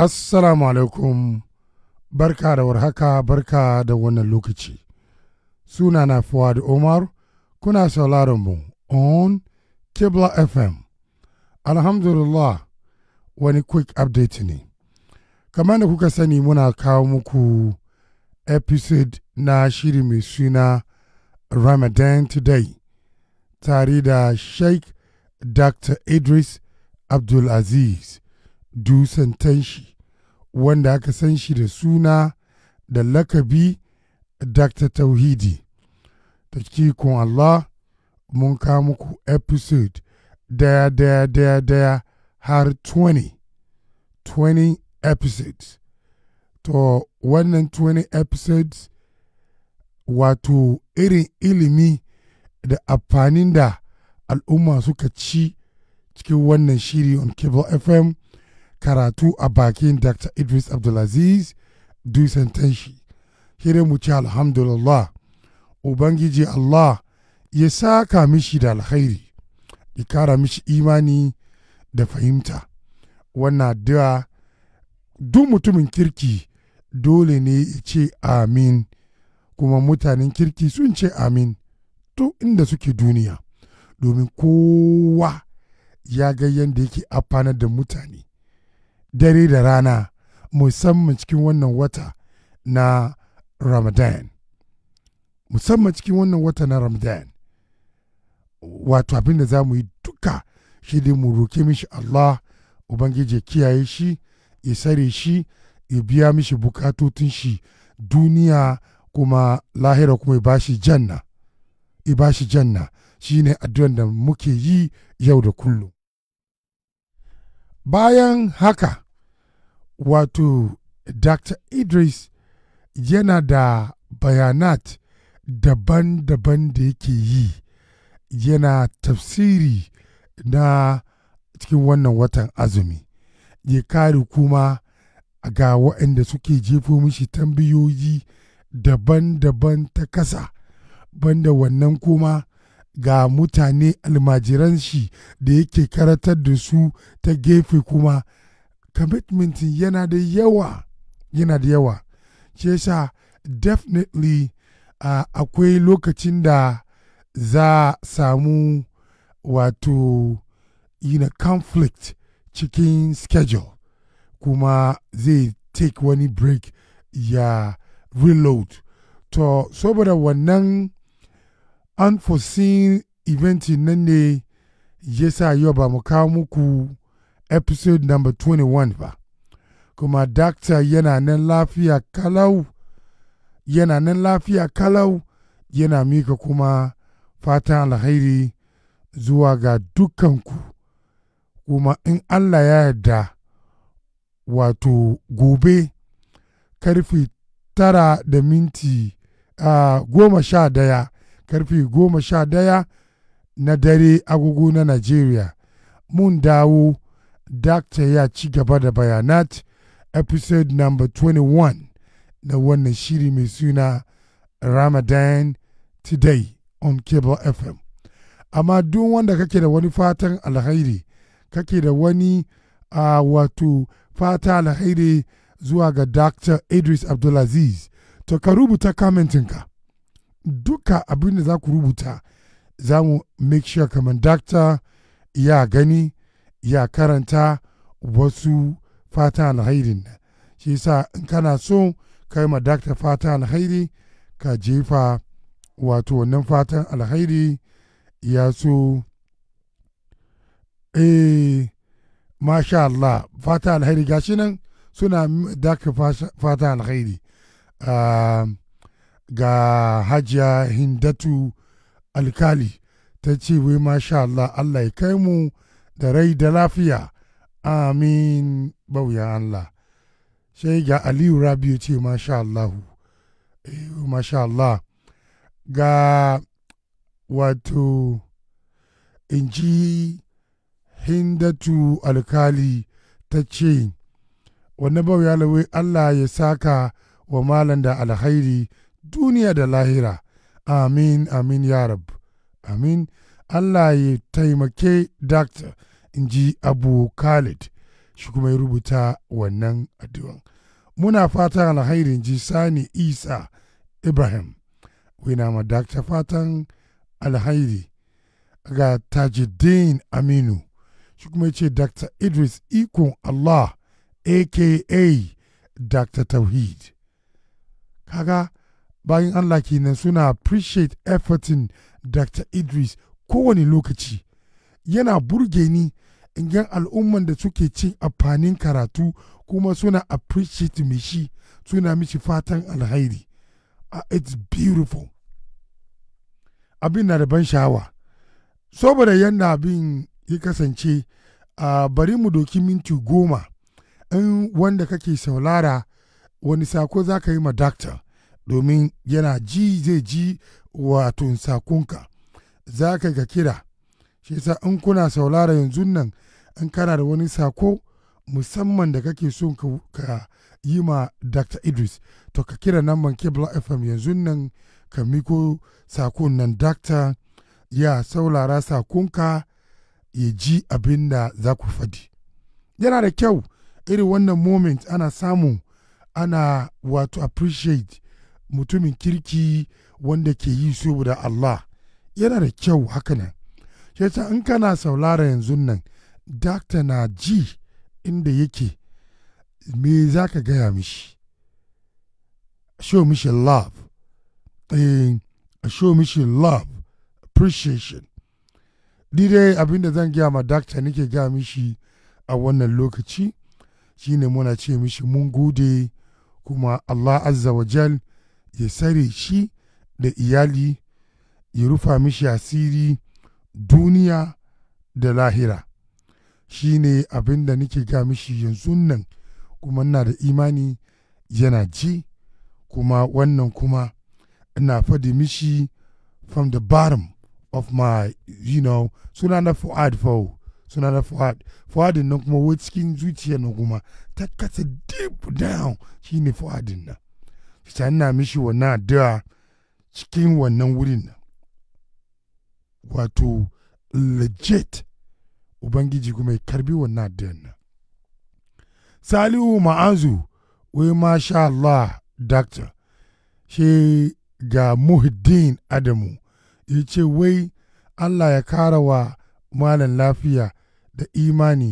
Assalamu alaikum, barka da warhaka, barka da wannan lokaci. Suna na Fuad Omar, kuna sauraron mu on Kibla FM. Alhamdulillah, wani quick update ne. Kamar da kuka sani muna kawo muku episode na shiri mai suna Ramadan Today, tare da Sheikh Dr. Idris Abdulaziz. dusantanshi wanda aka san shi da suna da lakabi Dr. Tauhidi. Da cikon Allah mun kawo muku episode daya daya daya daya har 20. 20 episodes. To wannan 20 episodes wato irin ilimi da amfanin da al'umma suka ci cikin wannan shiri on cable fm karatu a bakin Dr. Idris Abdulaziz dusan shi. Shirin mu ci alhamdulillah, Ubangiji Allah ya saka mishi da alkhairi, ya kara mishi imani da fahimta. Wannan addu'a duk mutumin kirki dole ne ya ce amin, kuma mutanen kirki sun ce amin to inda suke duniya, domin kowa ya ga yadda yake amfanar da mutane. dare da rana musamman cikin wannan wata na ramadan musamman cikin wannan wata na ramadan wato abin da za mu yi duka shi da mu roke mishi allah ubangiji kiyaye shi ya sare shi ya biya mishi tun shi duniya kuma lahira kuma ya bashi janna ya bashi janna shine addu'an da muke yi yau da kullum bayan haka wato dr idris yana da bayanat daban-daban da yake yi yana tafsiri na cikin wannan watan azumi ya kare kuma ga waɗanda suke jefo mishi tambayoyi daban-daban ta kasa banda wannan kuma ga mutane almajiran shi da yake karatar da su ta gefe kuma commitment yana da yawa yana da yawa yasa definitely uh, akwai lokacin da za samu wato yina conflict cikin schedule kuma zai take wani break ya reload to saboda wannan unforeseen event nan ne ya sa yau ba mu kawo muku episode number 21 ba kuma dakta yana nan lafiya kalau yana nan lafiya kalau yana mika kuma fata alheri zuwa ga dukanku kuma in allah ya yarda wato gobe karfe tara da minti uh, goma sha daya karfe goma sha daya na dare agogo na Najeriya. Mun dawo Dakta ya ci gaba da bayanat episode number 21 na wannan shiri mai suna Ramadan Today on Cable FM. Amma duk wanda kake da wani fatan alhairi, kake da wani a uh, wato fata alhairi zuwa ga Dr. Idris Abdulaziz, to ka rubuta kamentinka. duka abin da za ku rubuta za mu make sure kamar dakta ya gani ya karanta wasu fata alhairin nan shi yasa in kana so kai ma dakta fata alhairi ka jefa wato wannan fatan alhairi ya so eh masha Allah fata alhairi gashi nan suna daka fata alhairi ah, ga hajiya hindatu alkali ta ce wai masha Allah Allah ya kai mu da rai da lafiya amin bauya Allah sai ga aliyu rabiu ce masha Allah eh, masha Allah ga wato in ji hindatu alkali ta ce wani bauya Allah ya saka wa malam da alhairi duniya da lahira amin amin ya rab amin allah ya taimake doctor in ji abu khalid shi kuma ya rubuta wannan addu'an muna fatan alhairin ji sani isa ibrahim wina ma dakta fatan alhairi ga tajidin aminu shi kuma ya ce dr idris ikon allah aka dr tauhid kaga bayan Allah kenan suna appreciate efforting Dr. Idris kowane lokaci. Yana burge ni gan al'umman da suke cin amfanin karatu kuma suna appreciate shi suna mishi fatan alhairi. Uh, it's beautiful. Abin na da ban sha'awa. Saboda yadda abin ya kasance uh, bari mu doki minti goma in wanda kake saulara wani sako za ka yi ma doctor. domin yana ji zai ji wato sakunka za ka ga kira shi yasa in kuna saulara yanzu nan in kana da wani sako musamman da kake so ka yi ma dr idris to ka kira naman kebla fm yanzu nan ka miko sakon nan dr ya saulara sakunka ya ji abin da za ku fadi yana da kyau irin wannan moment ana samu ana wato appreciate mutumin kirki wanda ke yi saboda Allah yana da kyau haka nan ya in kana saulara yanzu nan dakta na ji inda yake me za ka gaya mishi show mishi love eh, show mishi love appreciation ni dai abinda zan gaya ma dakta nake gaya mishi a wannan lokaci shine muna ce mishi mun gode kuma Allah azza wa jal ya sare shi da iyali ya rufa mishi asiri duniya da lahira shi ne abin da nake ga mishi yanzu nan kuma ina da imani yana ji kuma wannan kuma ina faɗi mishi from the bottom of my you know suna na fu'ad fau suna na fu'ad fu'adin nan kuma wai cikin zuciyar na kuma ta kasa deep down shi ne fu'adin nan sai na mishi wannan addu'a cikin wannan wurin nan wato legit ubangiji kuma ya karbi wannan addu'an nan salihu ma'azu wai masha Allah doctor shi ga muhiddin adamu ya ce wai Allah ya kara wa malam lafiya da imani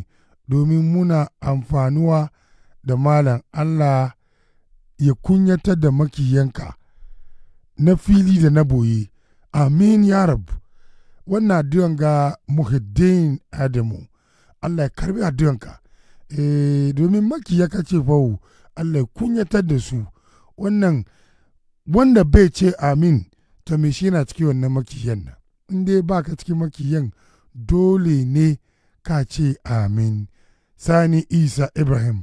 domin muna amfanuwa da malam Allah ya kunyatar da makiyanka na fili da na boye amin ya rabu wannan addu'an ga muhiddin adamu allah ya karbi addu'anka e, domin makiya ka ce fawo allah ya kunyatar da su wannan wanda bai ce amin ta me shi na cikin wannan makiyan nan in dai ba ka cikin makiyan dole ne ka ce amin sani isa ibrahim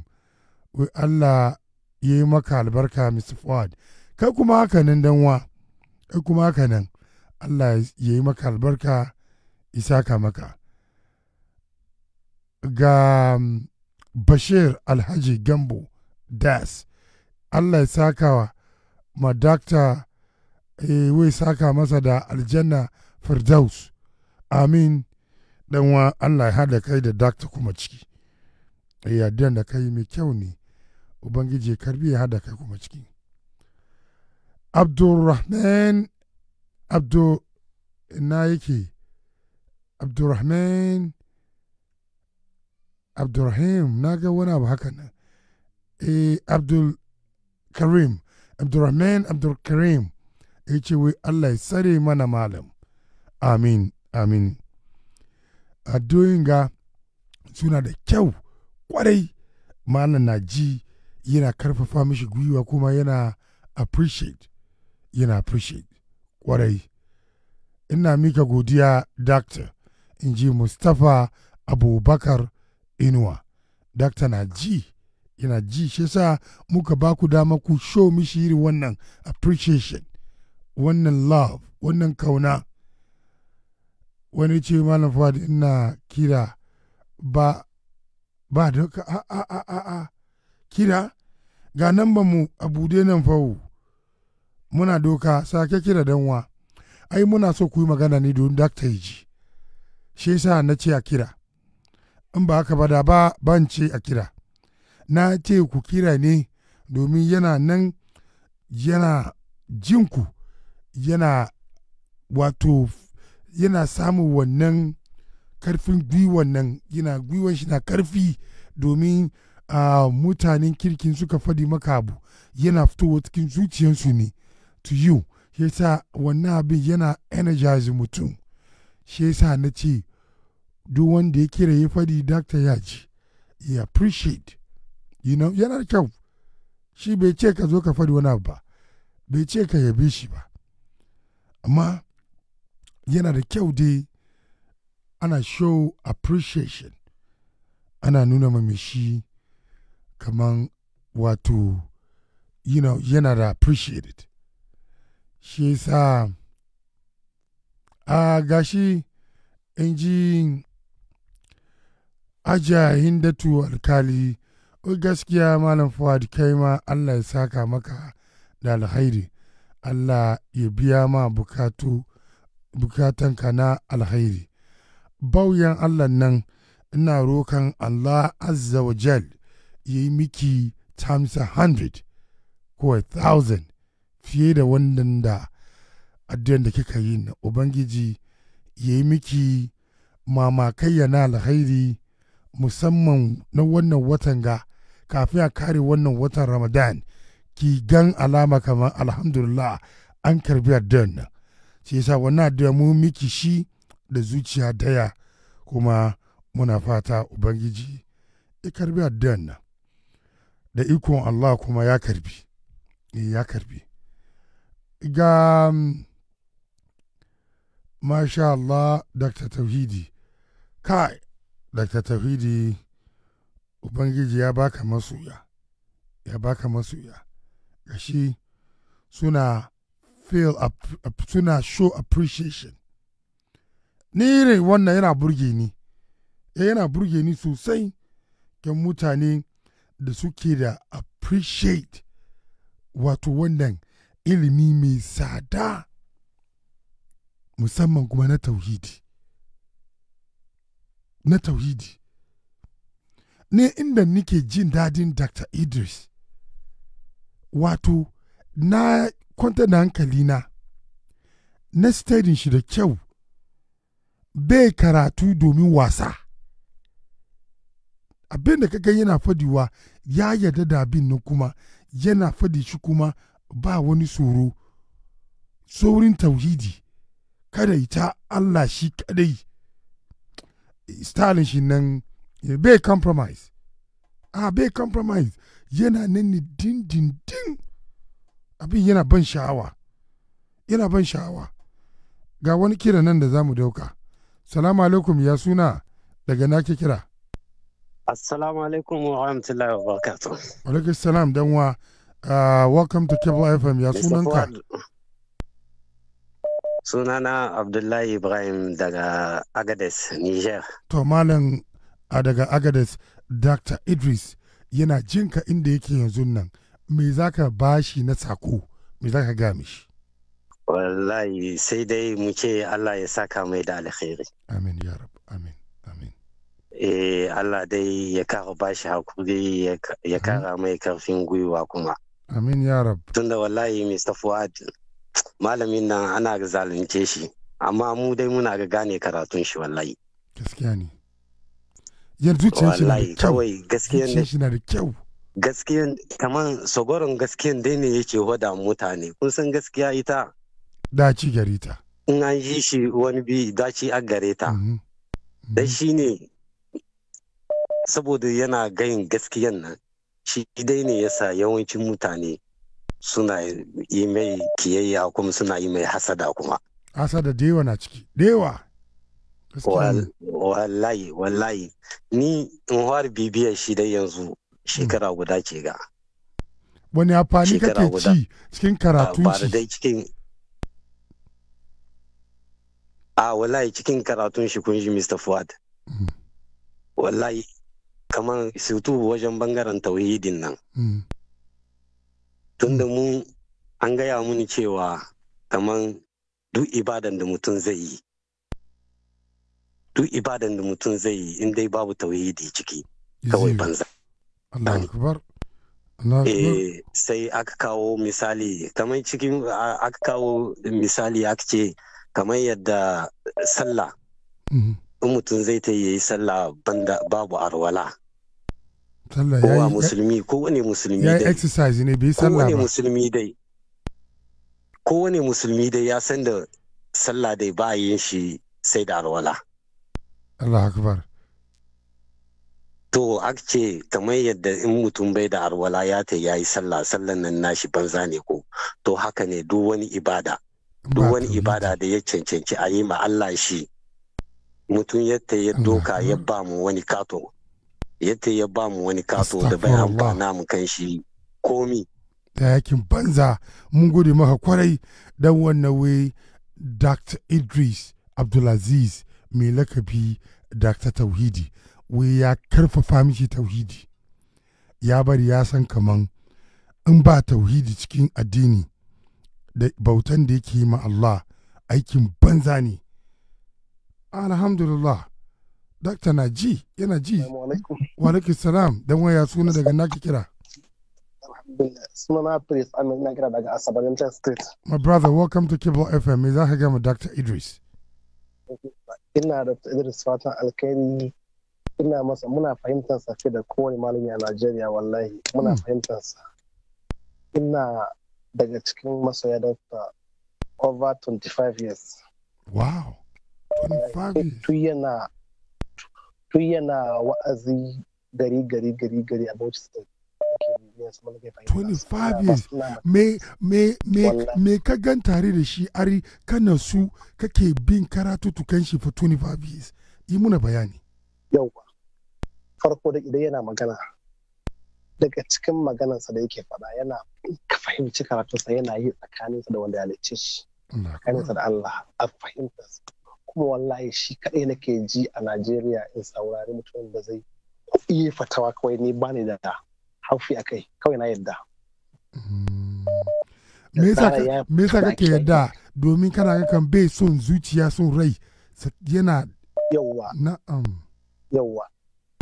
wai allah ya yi maka albarka Mr. Fuad kai kuma haka nan danwa kai kuma haka nan Allah ya yi maka albarka isaka maka ga um, Bashir Alhaji Gambo Das Allah ya wa ma dakta eh, wai saka masa da aljanna firdaus amin danwa Allah ya haɗa kai da dakta kuma ciki yadda eh, da kai mai kyau ne ubangiji ya karbi ya hada kai kuma ciki abdulrahman abdu na yake abdulrahman abdulrahim na ga wani abu haka nan eh abdul karim abdulrahman abdulkarim ya ce wai allah ya tsare mana malam amin amin addu'o'in ga suna da kyau kwarai malam na ji yana karfafa mishi gwiwa kuma yana appreciate yana appreciate kwarai ina mika godiya doctor in ji mustapha abubakar inuwa doctor na ji yana ji shi sa muka ba ku dama ku show mishi irin wannan appreciation wannan love wannan kauna wani ce malam fadi ina kira ba ba da a a a a kira ga nan ba mu a bude nan fawo muna doka sake kira danwa ai muna so ku yi magana ne don dakta yi ji shi yasa na ce a kira in ba haka ba da ba ban ce a kira na ce ku kira ne domin yana nan yana jinku yana wato yana samun wannan karfin gwiwan nan yana gwiwan shi na karfi domin uh, mutanen kirkin suka faɗi maka abu yana fitowa cikin zuciyarsu ne to you shi yasa wannan abin yana energize mutum shi yasa na ce duk wanda ya kira ya faɗi dakta ya ji ya appreciate you know yana da kyau shi bai ce ka zo ka faɗi wani abu ba bai ce ka yabe shi ba amma yana da kyau dai ana show appreciation ana nuna ma shi kaman wato you know yana da appreciated shi yasa a gashi in ji ajiya hindatu alkali gaskiya malam fuad kai ma allah ya saka maka da alhairi allah ya biya ma bukatu ka na alhairi bauyan allah nan ina rokan allah azza wa jal ya yi miki times a hundred ko a thousand fiye da wannan da addu'an da kika yi na ubangiji ya yi miki ya na alhairi musamman na wannan watan ga kafin a kare wannan watan ramadan ki gan alama kamar alhamdulillah an karbi addu'an nan shi yasa wannan addu'a mu miki shi da zuciya daya kuma muna fata ubangiji ya karbi addu'an nan da ikon Allah kuma ya karbi eh, ya karbi ga mm, masha Allah Dr. Tauhidi kai Dr. Tauhidi Ubangiji ya baka masoya ya baka masoya gashi suna feel suna show appreciation ni irin wannan yana burge ni eh, yana burge ni sosai kan mutane da suke da appreciate wato wannan ilimi mai tsada musamman kuma na tauhidi na tauhidi ne inda nike jin dadin dr idris wato na kwanta da hankali na na shi da kyau bai karatu domin wasa abin da kaga yana fadiwa ya yarda da abin nan kuma yana fadi shi kuma ba wani tsoro saurin tauhidi kada ita Allah shi kadai stalin shi nan bai compromise a bai compromise yana nan ne dindindin abin yana ban sha'awa yana ban sha'awa ga wani kira nan da za mu dauka salamu alaikum ya suna daga na ke kira Assalamu alaikum wa rahmatullahi wa barakatuh. Alaikum salam dan wa ah, welcome to Kebla FM ya sunanka. Sunana Abdullahi Ibrahim daga Agades, Niger. To malam daga Agades, Dr. Idris yana jinka inda yake yanzu nan. Me zaka bashi na sako? Me zaka ga mishi? Wallahi sai dai mu ce Allah ya saka mai da alkhairi. Amin ya rab. Amin. Eh, Allah dai ya kara bashi hakuri ya kara mai karfin gwiwa kuma amin ya rab tunda wallahi Mr. Fuad malamin nan ana zalunce shi amma mu dai muna ga gane karatun shi wallahi gaskiya ne yanzu ce shi na da kyau Gaskiya shi na da kyau Gaskiya sogoron dai ne yake hoda mutane kun san gaskiya ita daci gare ta in an yi shi wani bi daci a gare ta mhm. dan mhm. shi ne saboda yana gayin gaskiyan nan shi dai ne yasa yawancin mutane suna yi mai kiyayya kuma suna yi mai hasada kuma hasada dewa na ciki dewa wallahi wallahi ni in har bibiyar shi dai yanzu shekara hmm. guda ce ga wani amfani kake ci cikin karatun shi cikin a wallahi cikin karatun shi kun ji Mr. Fuad hmm. wallahi kamar sutu wajen bangaren tauhidin nan hmm. da hmm. mu an gaya muni cewa kamar duk ibadan da mutum zai yi duk ibadan da mutum zai yi in dai babu tauhidi ciki kawai banza eh, sai aka kawo misali kamar cikin aka kawo misali aka ce kamar yadda sallah hmm. in mutum zai ta yi sallah banda babu arwala sallah ya yi musulmi wani musulmi dai yayi exercise ne bi sallah ba wani musulmi dai wani musulmi dai ya san da sallah dai ba yin shi sai da alwala Allah akbar to akce kamar yadda in mutum bai da alwala ya ta yayi sallah sallan nan nashi banza ne ko to haka ne duk wani ibada duk wani ibada da ya cancanci a yi ma Allah shi mutum yadda ya doka ya ba mu wani kato yadda ya ba mu wani kato da bai amfana mu kan shi komi da yakin banza mun gode maka kwarai dan wannan wai dr idris abdulaziz mai lakabi dr tauhidi wai ya karfafa miki tauhidi ya bari ya san kaman in ba tauhidi cikin addini da bautan da yake yi ma Allah aikin banza ne alhamdulillah Dakta na ji, yana ji. Wa alaikun salam, don waya suna daga naki kira. Sunana Prince Amir na kira daga Asabar State. My brother, welcome to Kibble FM. Me za ka gama Dr. Idris. Ina da Idris fatan alkhairi ina masa muna fahimtar sa da kowane malami a Najeriya wallahi muna hmm. fahimtar sa. Ina daga cikin masoya Dr. over 25 years. Wow. 25 years. yana tun yana wa'azi gari gari gari gari a Bauchi State. 25 years me ka gan tare da shi ari kana su kake bin karatutukan shi for 25 years yi muna bayani yauwa farko da idan yana magana daga cikin maganarsa da yake fada yana ka fahimci karatunsa yana yi tsakaninsa da wanda ya halicce shi tsakaninsa da Allah a fahimtarsa kuma wallahi shi kaɗai nake ji a najeriya in saurari mutumin da zai iya fatawa kawai ni bani da haufi a kai kawai na yadda mm. me yasa kake yadda domin kana ga kan bai son zuciya son rai yana yawwa na'am yawwa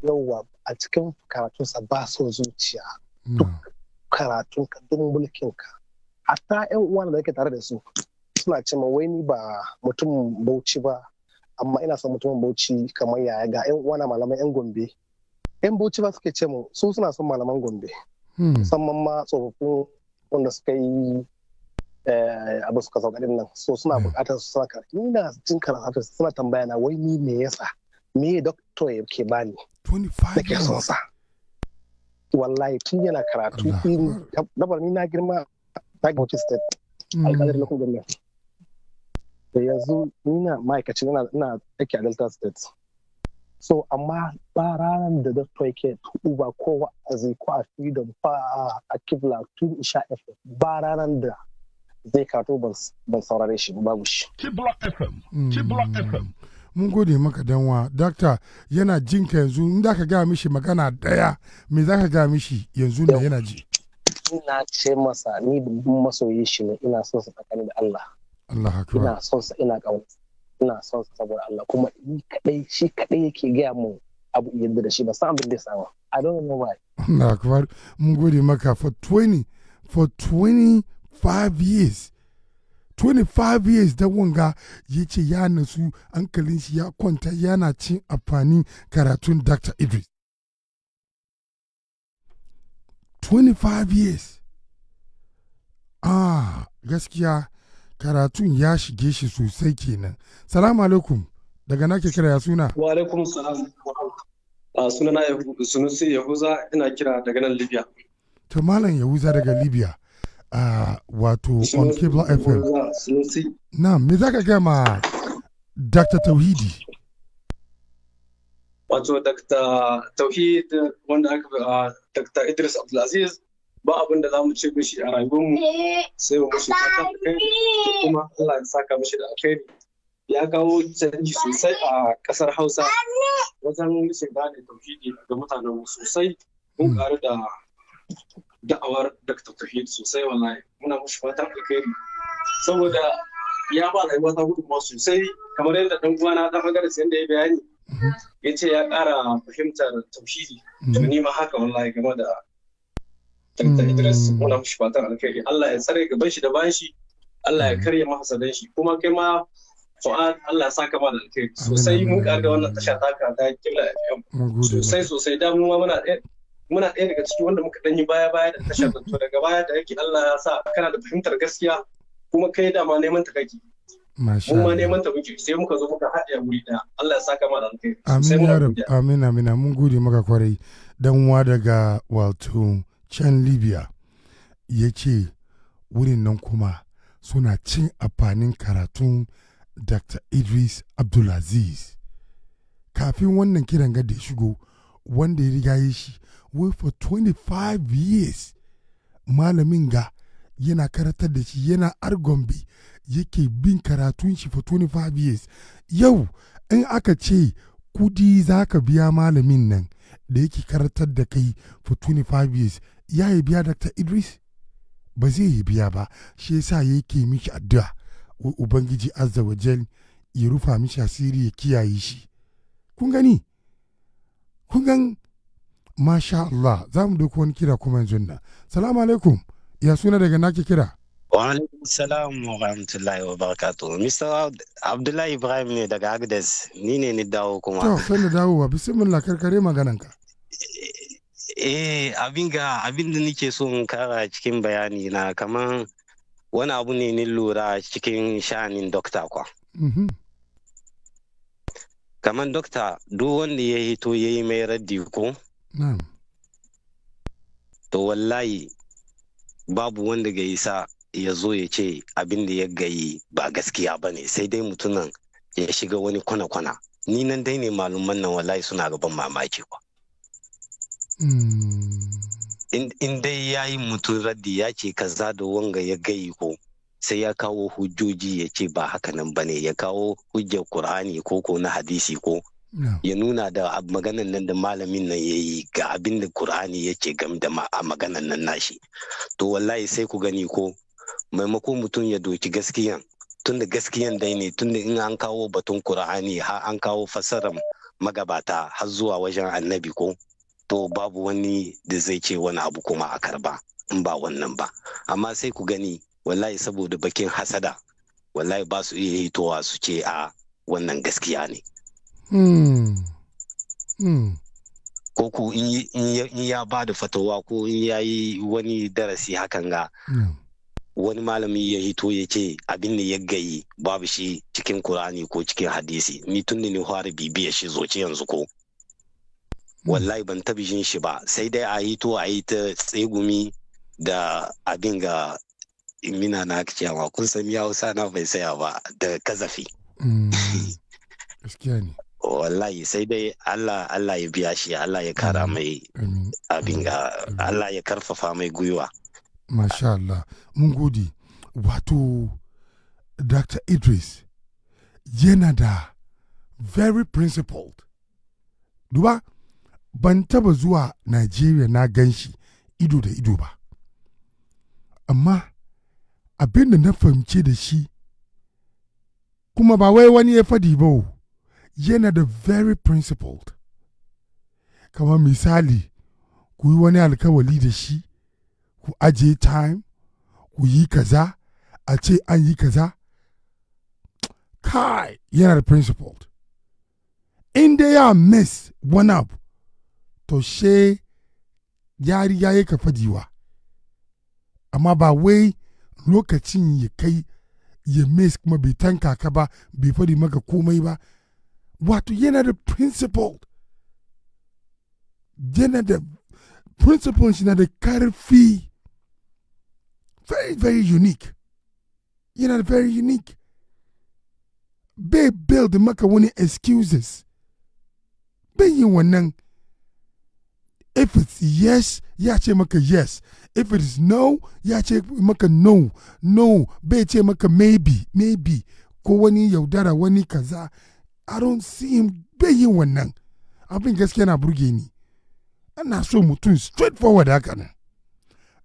yawwa a cikin karatunsa ba son zuciya mm. duk karatunka duk mulkinka hatta yan uwa da yake tare da su suna ce ma wai ni ba mutum bauchi ba amma ina son mutumin bauchi kamar yaya ga yan uwana malaman yan gombe yan bauchi ba suke ce mu su suna son malaman gombe hmm. musamman ma tsofaffin wanda suka yi eh, abu suka sauka din nan so suna hmm. bukatar su suna karatu Ina jin karatu suna tambaya na wai ni me yasa me ya doctor yake bani da ke son sa wallahi tun yana karatu dabar ni na girma ta gauci state hmm. alƙalar lokacin gwamnati da yanzu ina ma'aikaci ina aiki a delta state so amma ba ranar da doctor yake tudu ba ko a ko a freedom ba a kibla tun isha fm ba ranar da zai kato ban saurare shi babu shi kibla fm mm. kibla fm mun gode maka danwa dakta yana jin ka yanzu inda ka gaya mishi magana daya me za ka gaya mishi yanzu da yana ji ina ce masa ni masoyi shi ne ina son su tsakani da Allah ina son sa ina kaunarsa ina son sa saboda Allah kuma ni kadai shi kadai yake gaya mu abu yadda da shi ba san abin da ya samu I don't know why Allah akbar mun gode maka for 20 for 25 years 25 years da wanga ya ce ya nasu hankalin shi ya kwanta yana cin amfani karatun Dr. Idris 25 years ah gaskiya karatun ya shige shi sosai kenan salamu alaikum daga nake kira ya suna wa alaikum salam a sunana sunusi yahuza ina kira daga nan libya to malam yahuza daga libya a wato on cable fm na me zaka gaya ma dr tauhidi wato dr tauhid wanda aka dr idris abdulaziz ba abin da za mu ce mishi a rayuwarmu eh, sai mu mishi fata kuma Allah ya saka mishi da alheri ya kawo canji sosai a kasar Hausa wajen mishi gane tauhidi ga mutanen mu sosai mun karu hmm. da da'awar Dr. Tauhid sosai wallahi muna mishi fata alheri saboda ya ba rayuwa ta ma sosai kamar yadda dan uwana dan magana sai da ya bayani hmm. ya ce ya ƙara fahimtar tauhidi to hmm. ni ma haka wallahi game da Dr. Idris hmm. muna mushi fatan alkhairi Allah ya tsare gaban shi da bayan shi Allah ya hmm. karya mahasadan shi kuma kai ma fa'ad Allah ya saka ma da alkhairi sosai mun ka ga wannan tasha taka ta killa sosai sosai da mu ma muna muna ɗaya daga ciki wanda muka danyi baya baya da ta to daga baya da yake Allah ya sa kana da fahimtar gaskiya kuma kai dama neman ta kake mun ma neman ta muke sai muka zo muka haɗe wuri ɗaya Allah ya saka ma da alkhairi amin ya rabu amin amin mun gode maka kwarai dan uwa daga wato can libya ya ce wurin nan kuma suna cin amfanin karatun dr idris abdulaziz kafin wannan kiran gada ya shigo wanda ya riga ya shi wai for 25 years malamin ga yana karatar da shi yana argombi yake bin karatun shi for 25 years yau in aka ce kudi za ka biya malamin nan da yake karatar da kai for 25 years ya yi biya Dr. Idris? Ba zai yi biya ba, shi yasa yake miki addu'a wa Ubangiji Azza wa Jal ya rufa mishi asiri ya kiyaye shi. Kun gani? Kun gan Masha Allah, za mu doko wani kira kuma yanzu nan. Salamu alaikum, ya suna daga nake kira. Wa'alaikun salam wa rahmatullahi wa barakatu. Mr. Abdullahi Ibrahim ne daga Agdes, ni ne ni dawo kuma. To, sai da dawowa, bismillah karkare magananka. Eh, abin ga abin da nike so in kara cikin bayani na kaman wani abu ne ni lura cikin sha'anin dokta kwa. Kaman dokta duk wanda ya hito ya yi mai raddi ko? To wallahi babu wanda ga sa. ya zo ya ce abin da ya gayi ba gaskiya ba ne sai dai mutumin ya shiga wani kwana-kwana ni nan dai ne malaman nan wallahi suna gaban mamaki ba. Hmm. in dai ya yi mutum raddi ya ce kaza da wanga ya gayi ko sai ya kawo hujjoji ya ce ba haka nan ba ne ya kawo hujjar kur'ani ko ko na hadisi ko ya nuna da maganan nan da malamin nan ya yi ga abin da kur'ani ya ce game da maganan nan nashi to wallahi sai ku gani ko Maimakon mutum ya doki gaskiyan tunda gaskiyan dai ne tunda in an kawo batun kur'ani har an kawo fasarar magabata har zuwa wajen annabi ko to babu wani da zai ce wani abu kuma a karba in ba wannan ba amma sai ku gani wallahi saboda bakin hasada wallahi ba su iya hitowa su ce a wannan gaskiya ne hmm. Hmm. ko ku in ya ba da fatawa ko in ya yi wani darasi hakan ga hmm. wani malami ya hito ya ce abin da ya gayi babu shi cikin kurani ko cikin hadisi ni tun ni fara bibiya shi zoce yanzu ko hmm. wallahi ban tabi jin shi ba sai dai a hito a yi ta tsegumi da abin ga mina na cewa kun san ya hausa na bai saya ba da kazafi hmm. wallahi sai dai Allah Allah ya biya shi Allah ya kara mai abin ga Allah ya karfafa mai gwiwa Masha Allah, mun gode. Wato, Dr. Idris yana da very principled. Duba, ban taba zuwa Najeriya na ganshi ido da ido ba. Amma, abin da na fahimce da shi, kuma ba wai wani ya fadi ba yana da very principled. Kamar misali, ku yi wani alkawali da shi ku ajiye time ku yi kaza a ce an yi kaza kai yana da principled in dai ya miss one up to she yari ya yi kafadiwa amma ba wai lokacin ya kai ya miss kuma bai tanka ka ba bai fadi maka komai ba wato yana da principled yana da principle shi na da karfi very, very unique. Yana da very unique. Bai build maka wani excuses. Bai yin wannan. If it's yes, ya ce maka yes. If it is no, ya ce maka no. No, bai ce maka maybe, maybe. Ko wani yaudara wani kaza. I don't see him bai yin wannan. Abin gaskiya na burge ni. Ana so mutum straightforward haka nan.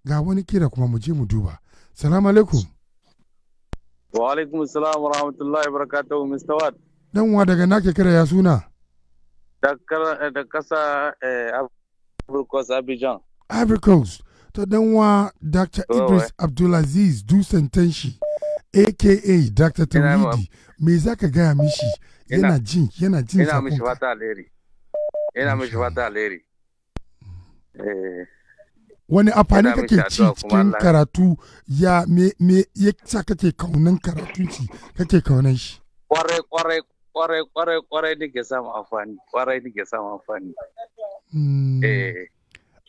ga wani kira kuma mu je mu duba salamu alaikum wa alaikum salam wa rahmatullahi wa barakatuhu mr wad dan wa daga nake kira ya suna da eh, kasa eh, Abrikos Abidjan. Abrikos, to dan wa Dr. Idris eh. Abdulaziz Dusan Tenshi aka Dr. Tawidi, me za ka gaya mishi yana jin yana jin sakonka. Ina mishi fata alheri. Ina mishi fata alheri. Mm. wani amfani kake ci cikin karatu ya me ya sa kake kaunan karatun shi kake kaunan shi kwarai kwarai kwarai kwarai kwarai ke samu amfani kwarai ke samu amfani hmm. eh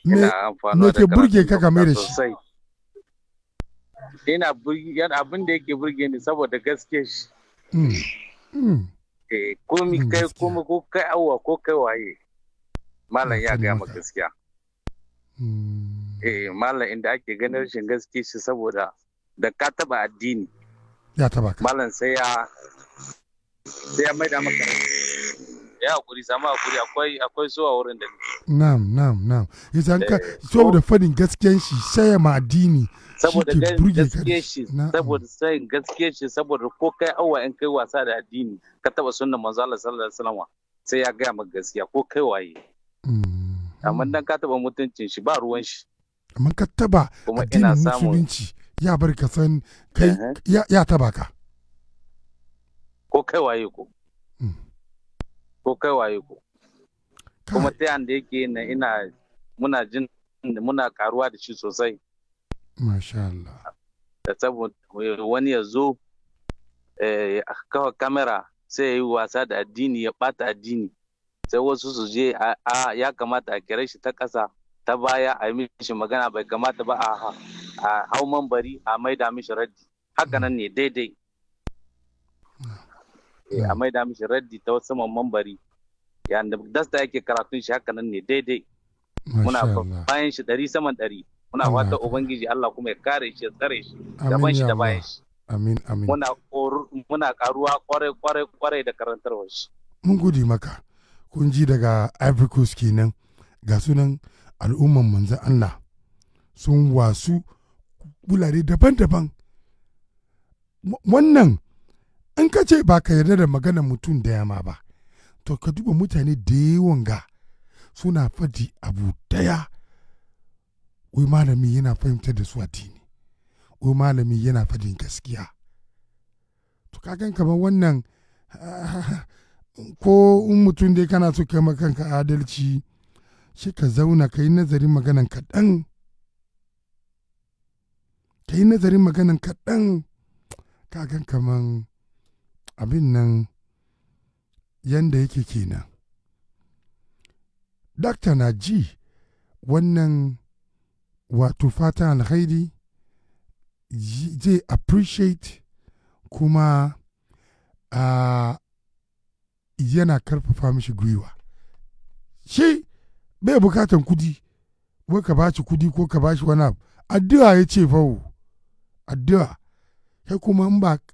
me ke burge ka game da shi ina burge abin da yake burge ni saboda gaske shi hmm. Hmm. Eh, komi kai komi ko kai awa ko kai waye malam ya gaya ma gaskiya Eh, malam inda ake ganin mm. rashin gaske shi saboda da ka taba addini ya taba ka malam sai ya sai ya maida maka ya hakuri sama hakuri akwai akwai zuwa wurin da na'am na'am na'am yasa an ka eh, saboda fadin gaskiyan shi sai ya ma addini saboda gaske shi saboda sai gaske shi saboda ko kai awa in kai wasa da addini ka taba sunnan manzo Allah sallallahu alaihi wasallam sai ya gaya maka gaskiya ko kai waye mm. amma dan ka taba mutuncin shi ba ruwan shi amma ka taba addinin musulunci ya bar ka san kai ya taba ka ko kai waye ko hmm. ko kai waye ko kuma ta da yake na ina muna jin muna karuwa da shi sosai masha Allah da saboda wani ya zo eh, a kawo kamera sai ya yi wasa da addini ya bata addini sai wasu su je a ya kamata a kira shi ta ƙasa ta baya a yi mishi magana bai kamata ba a hau mambari a maida mishi raddi haka nan ne daidai eh, a maida mishi raddi ta wasu mambari yanda das dasta yake karatun shi haka nan ne daidai muna bayan shi dari saman dari muna fata ubangiji Allah kuma ya kare shi ya tsare shi daban shi da bayan shi amin amin muna karuwa kwarai kwarai kwarai da karantarwar shi mun gudi maka kun ji daga Ivory Coast kenan ga sunan al'umman manzan Allah sun wasu wurare daban-daban wannan in ka ce ba ka yarda da magana mutum da yama ba to ka duba mutane da yawan ga suna faɗi abu daya wai malami yana fahimtar da su a addini wai malami yana faɗin gaskiya to ka kamar wannan ko in mutum dai kana so kai kanka adalci shi ka zauna ka yi nazarin maganan kaɗan ka yi nazarin maganan kaɗan kagan kaman abin nan yanda yake kenan dakta na ji wannan wato fata alhaidi zai appreciate kuma uh, yana karfafa mishi gwiwa shi bai bukatan kudi wai ka bashi kudi ko ka bashi wani abu addu'a ya ce fawo addu'a kai kuma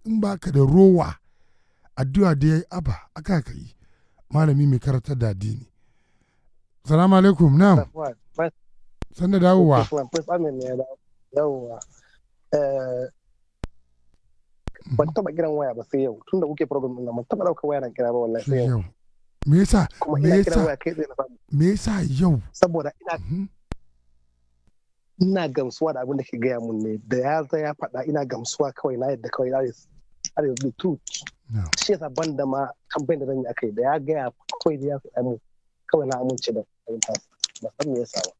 in ba ka da rowa addu'a da ya yi aba aka ka yi malami mai karatar da addini salamu alaikum na san da dawowa eh, ban mhm. taba kiran waya ba sai yau tunda kuke program din ban taba ɗaukar waya na kira ba wallahi sai yau me yasa me yasa me yasa yau saboda ina mhm. ina gamsuwa da abin da ke gaya mun ne da ya za ya faɗa ina gamsuwa kawai na yadda kawai na yadda the tu shi yasa ban da ma kamfani da zan yi akai da ya gaya kawai da ya faɗa mu kawai na amince da abin ta ba san me yasa ba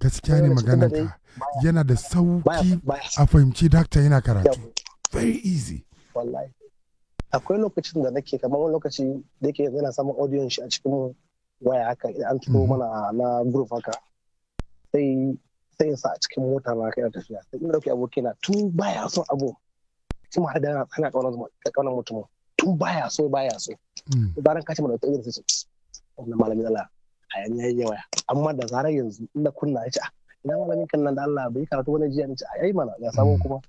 gaskiya ne maganar ka yana da sauki a fahimci dakta yana karatu very easy wallahi akwai lokacin da nake kamar wani lokaci da yake yana samun audiyon shi a cikin waya haka idan an turo mhm. mana na group haka sai sai sa a cikin mota na kai tafiya sai kai dauke abokina tun baya so abu sai yana hada ana kaunar kaunar mutum tun baya so baya so mm. zaran kace mu da tsaye da su wannan malami Allah a yan yayi yawa amma da zarar yanzu inda kunna ya ce ah, ina malamin kan nan da Allah bai karatu wani jiya ne ce ai ah, mana ya samu mm. kuma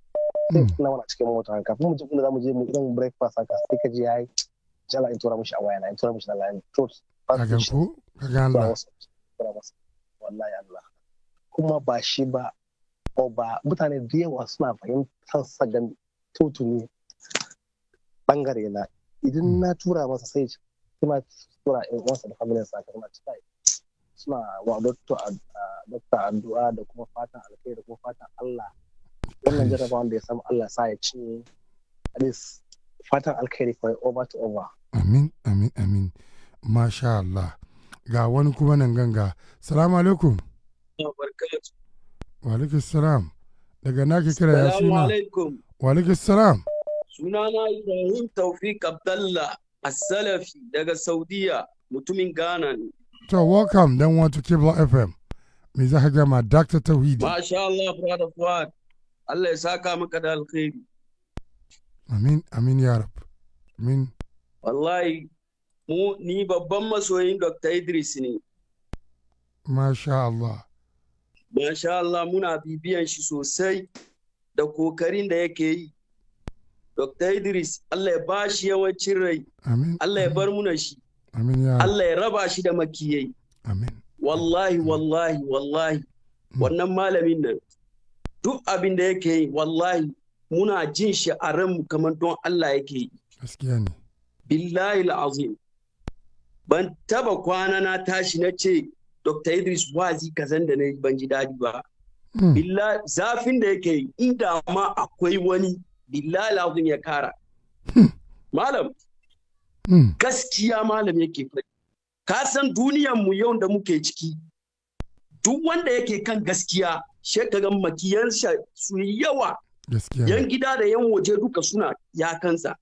Mm. na ka cikin mota kafin mu je inda zamu je mu irin breakfast haka sai ka je yayi jala in tura mishi a waya na in tura mishi na layin to kaga ko kaga Allah wallahi Allah kuma ba shi ba ko ba mutane da yawa suna fahimtar sa ga tutuni bangare na idan mm. na tura masa sai ya ci ma tura in wasa da familin sa ka kuma ta suna wa dokta addu'a da kuma fatan alkai da kuma fatan Allah wannan jarraba wanda ya samu Allah sa ya cinye at least fatan alkhairi kawai over to over amin amin amin masha Allah ga wani kuma nan ganga salamu alaikum wa alaikum salam daga na ke kira ya suna wa alaikum salam sunana Ibrahim taufi Abdallah As-Salafi daga Saudiya mutumin Ghana ne to welcome dan wato Kibla FM me za ka gama Dr. Tawhidi masha Allah brother Fuad Allah ya saka maka da alkhairi amin amin ya rab amin wallahi mu ni babban masoyin Dr. Idris ne masha Allah masha Allah muna bibiyan shi sosai da kokarin da yake yi Dr. Idris Allah ya ba shi yawancin rai Allah ya bar muna shi Allah ya raba shi da makiyai wallahi wallahi wallahi mm. wannan malamin nan duk abin da yake yi wallahi muna jin shi a ranmu kamar don Allah yake yi gaskiya ne billahi azim ban taba kwana na tashi na ce Dr. Idris wazi kazan da na ban ji daɗi ba hmm. billahi zafin da yake yi inda ma akwai wani billahi azim ya kara hmm. malam hmm. gaskiya malam yake faɗi ka san duniyan mu yau da muke ciki duk wanda yake kan gaskiya shekaran makiyansa su yawa yan gida da yan waje duka suna ya kansa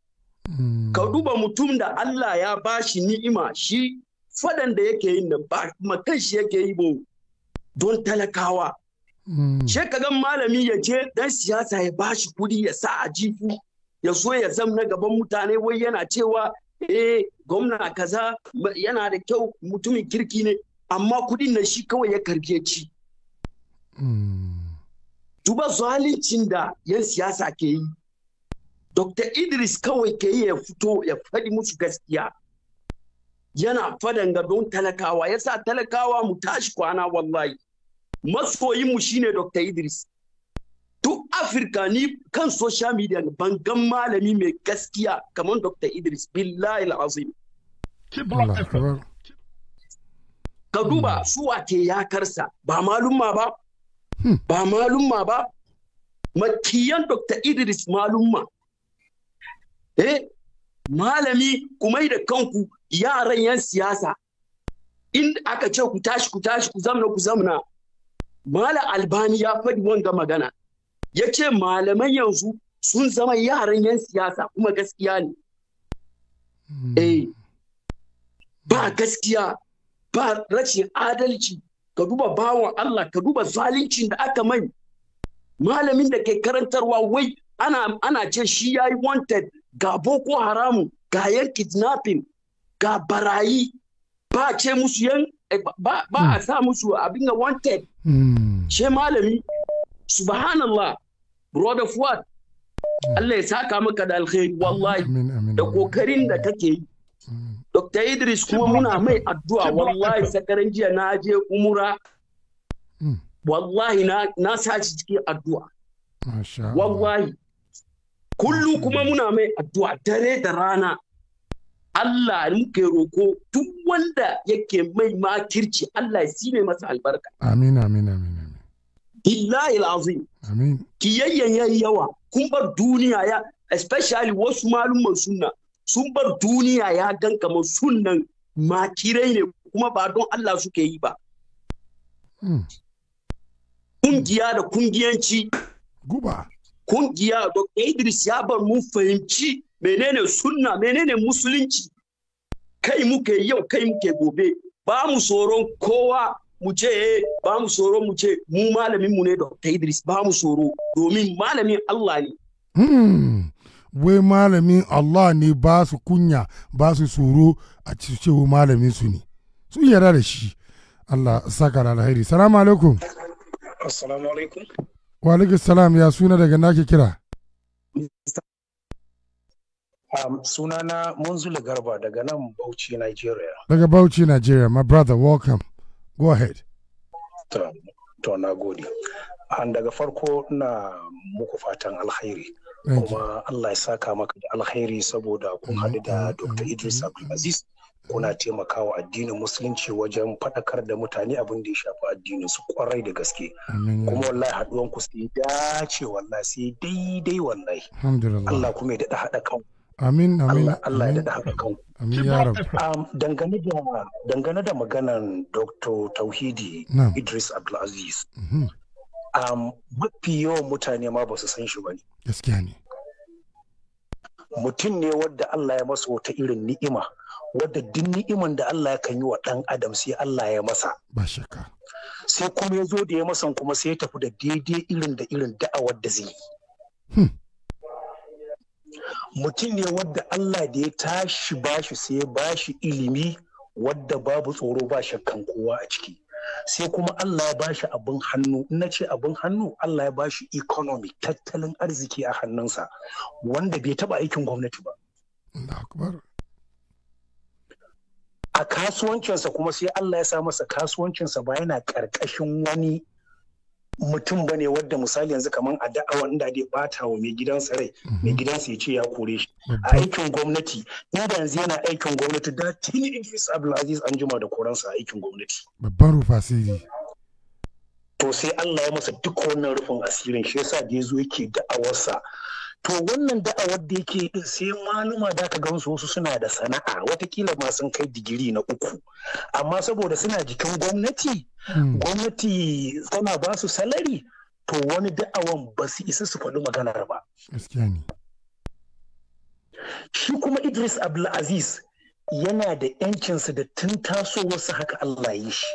hmm. ka duba mutum da Allah ya ba shi ni'ima shi fadan da yake yi na ba makan shi yake yi bo don talakawa hmm. shekaran malami ya je dan siyasa ya ba shi kudi ya sa a jifu ya so ya zam na gaban mutane wai yana cewa eh gwamna kaza yana da kyau mutumin kirki ne amma kudin na shi kawai ya ya ci Duba zalincin da 'yan siyasa ke yi. Dr. Idris kawai ke yi ya fito ya faɗi musu gaskiya. Yana fadan ga don talakawa, ya sa talakawa mu tashi kwana wallahi. Masoyinmu shine Dr. Idris. Duk Afirka ni kan social media ban gan malami mai gaskiya kamar Dr. Idris billahi azim. Ka duba suwa ke yakarsa ba malumma ba, ba malumma ba makiyan dr idris malumma eh malami kuma da kanku yaran yan siyasa in aka ce ku tashi ku tashi ku zamna ku zamna mala albani ya faɗi wanga magana ya ce malaman yanzu sun zama yaran yan siyasa kuma gaskiya ne hmm. eh ba gaskiya ba rashin adalci ka duba bawan Allah ka duba zalincin da aka mai malamin da ke karantarwa wai ana ana ce shi ya yi wanted ga boko haramu ga yan kidnapping ga barayi ba ce musu yan eh, ba a sa musu abin ga wanted hmm. she malami subhanallah brother fuad hmm. Allah ya saka maka da alkhairi wallahi da kokarin da kake yi Dokta Idris kuma muna mai addu'a wallahi sakarin jiya na je umura hmm. wallahi na sace cikin addu'a. Wallahi kullu kuma muna mai addu'a dare da rana Allah muke roko duk wanda yake mai makirci Allah ya sine masa albarka. Amin amin amin amin. azim. Amin. Kiyayyen yayi yawa kun bar duniya ya especially wasu malumman sunna sun bar duniya ya gan kamar sunan makirai ne kuma ba don Allah suke yi ba. Hmm. Kungiya da kungiyanci. Guba. Kungiya da Idris ya bar mun fahimci menene sunna menene musulunci. Kai muke yau kai muke gobe ba mu tsoron kowa mu ce eh, ba mu tsoro mu ce mu malamin mu ne da Idris ba mu tsoro domin malamin Allah ne. Hmm. wai malamin Allah ne ba su kunya ba su tsoro a cikin malamin su ne sun yara da shi Allah saka da alheri salamu alaikum assalamu alaikum wa alaikum salam ya suna daga nake kira um, Suna na Munzula Garba daga nan Bauchi, Nigeria. Daga Bauchi, Nigeria. My brother, welcome. Go ahead. To, na gode. An daga farko na muku fatan alheri kuma Allah ya saka maka da alkhairi saboda kun haɗu da Dr. Idris Abdulaziz kuna taimakawa addinin musulunci wajen faɗakar da mutane abin da ya shafi addinin su kwarai da gaske kuma wallahi haɗuwan ku sai dace wallahi sai daidai wallahi Allah kuma ya daɗa haɗa kan amin amin Allah ya daɗa haɗa kan amin ya rabu dangane da dangane da maganan Dr. Tauhidi Idris Abdulaziz mhm. Um, mafi yawan mutane ma ba su san shi ba ne. Gaskiya ne. Mutum ne wadda Allah ya masa wata irin ni'ima, wadda duk ni'iman da Allah ya kan yi wa ɗan Adam sai Allah ya masa. Ba shakka. Sai kuma ya zo da ya masan kuma sai ya tafi da daidai irin da irin da'awar da zai yi. Hmm. Mutum ne wadda Allah da ya tashi bashi sai ya bashi ilimi wadda babu tsoro ba shakkan kowa a ciki. sai kuma Allah ya bashi abin hannu in na ce abin hannu Allah ya bashi economy tattalin arziki a hannunsa wanda bai taba aikin gwamnati ba a kasuwancinsa kuma sai Allah ya sa masa kasuwancinsa ba yana ƙarƙashin wani mutum ba ne wadda misali yanzu kamar a da'awa inda dai bata wa mai gidansa rai mhm. mai gidansa ya ce ya kore shi a aikin gwamnati inda yanzu yana aikin gwamnati da tuni idris abdulaziz an jima da koransa a aikin gwamnati babban rufa to sai allah ya masa duk wannan rufin asirin shi yasa da ya zo yake da'awarsa to wannan da'awar da yake din sai maluma da ka gansu wasu suna da sana'a watakila ma sun kai digiri na uku amma saboda suna jikin gwamnati hmm. gwamnati tana ba su salari to wani da'awan ba su isa su faɗi maganar ba shi kuma idris abdulaziz yana da yancinsa da tun taso wasu haka allah yi shi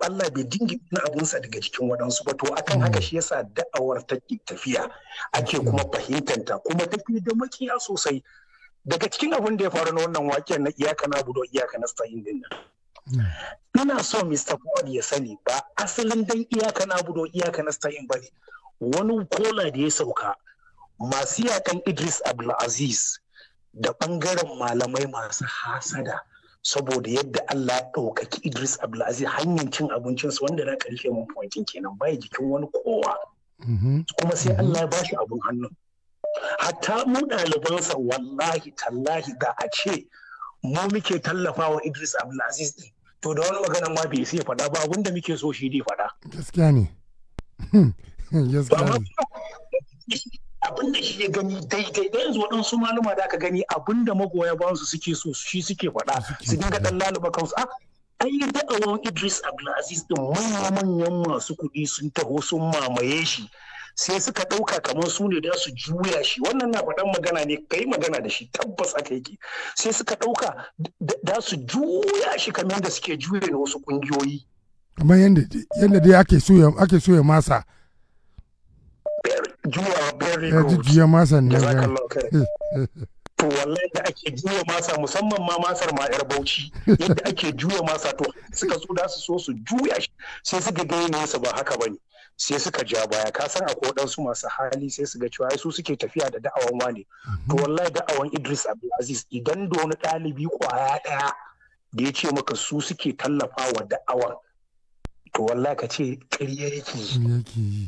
Allah bai jingina abinsa daga cikin waɗansu ba to akan haka mm. shi yasa da'awar ta tafiya ake kuma mm. fahimtanta kuma tafi da makiya sosai daga cikin abin da ya faru na wannan waken na iyaka na budo iyaka na stayin din nan mm. ina so Mr. Ford ya sani ba asalin dan iyaka na budo iyaka na stayin bane wani kola da ya sauka masu yakan Idris Abdulaziz da bangaren malamai masu hasada saboda yadda Allah ya ɗaukaki Idris Abdulaziz hanyar cin abincinsa wanda na ƙarfe mun pointin kenan bai jikin wani kowa mm-hmm. kuma sai mm-hmm. Allah ya bashi abun hannu hatta mu ɗalibansa wallahi tallahi da a ce mu muke tallafa wa Idris Abdulaziz din to da wani magana ma bai sai faɗa ba abinda muke so shi dai faɗa gaskiya ne gaskiya ne abin da shi ya gani daidai da yanzu waɗansu maluma da aka gani abin da magoya bayansu suke so shi suke faɗa su dinga ɗan laluba kansu a ah, an yi da'awar idris abdulaziz ɗin manya-manyan masu kuɗi sun taho sun mamaye shi sai suka ɗauka kamar su ne da su juya shi wannan na faɗan magana ne ka yi magana da shi tabbas aka ke sai suka ɗauka da su juya shi kamar yadda suke juya wasu ƙungiyoyi kamar yadda dai ake soya masa Juya very good ya juya masa ne eh. to wallahi da ake juya masa musamman ma masar ma yar bauchi yadda ake juya masa to suka so da su so su juya shi sai suka ga yanayinsa ba haka bane sai suka ja baya ka san akwai waɗansu masu hali sai su ga cewa su suke tafiya da da'awan wane mhm. to wallahi da'awan Idris Abdulaziz idan da wani ɗalibi kwaya ɗaya da ya ce maka su suke tallafa wa da'awan to wallahi ka ce ƙarya yake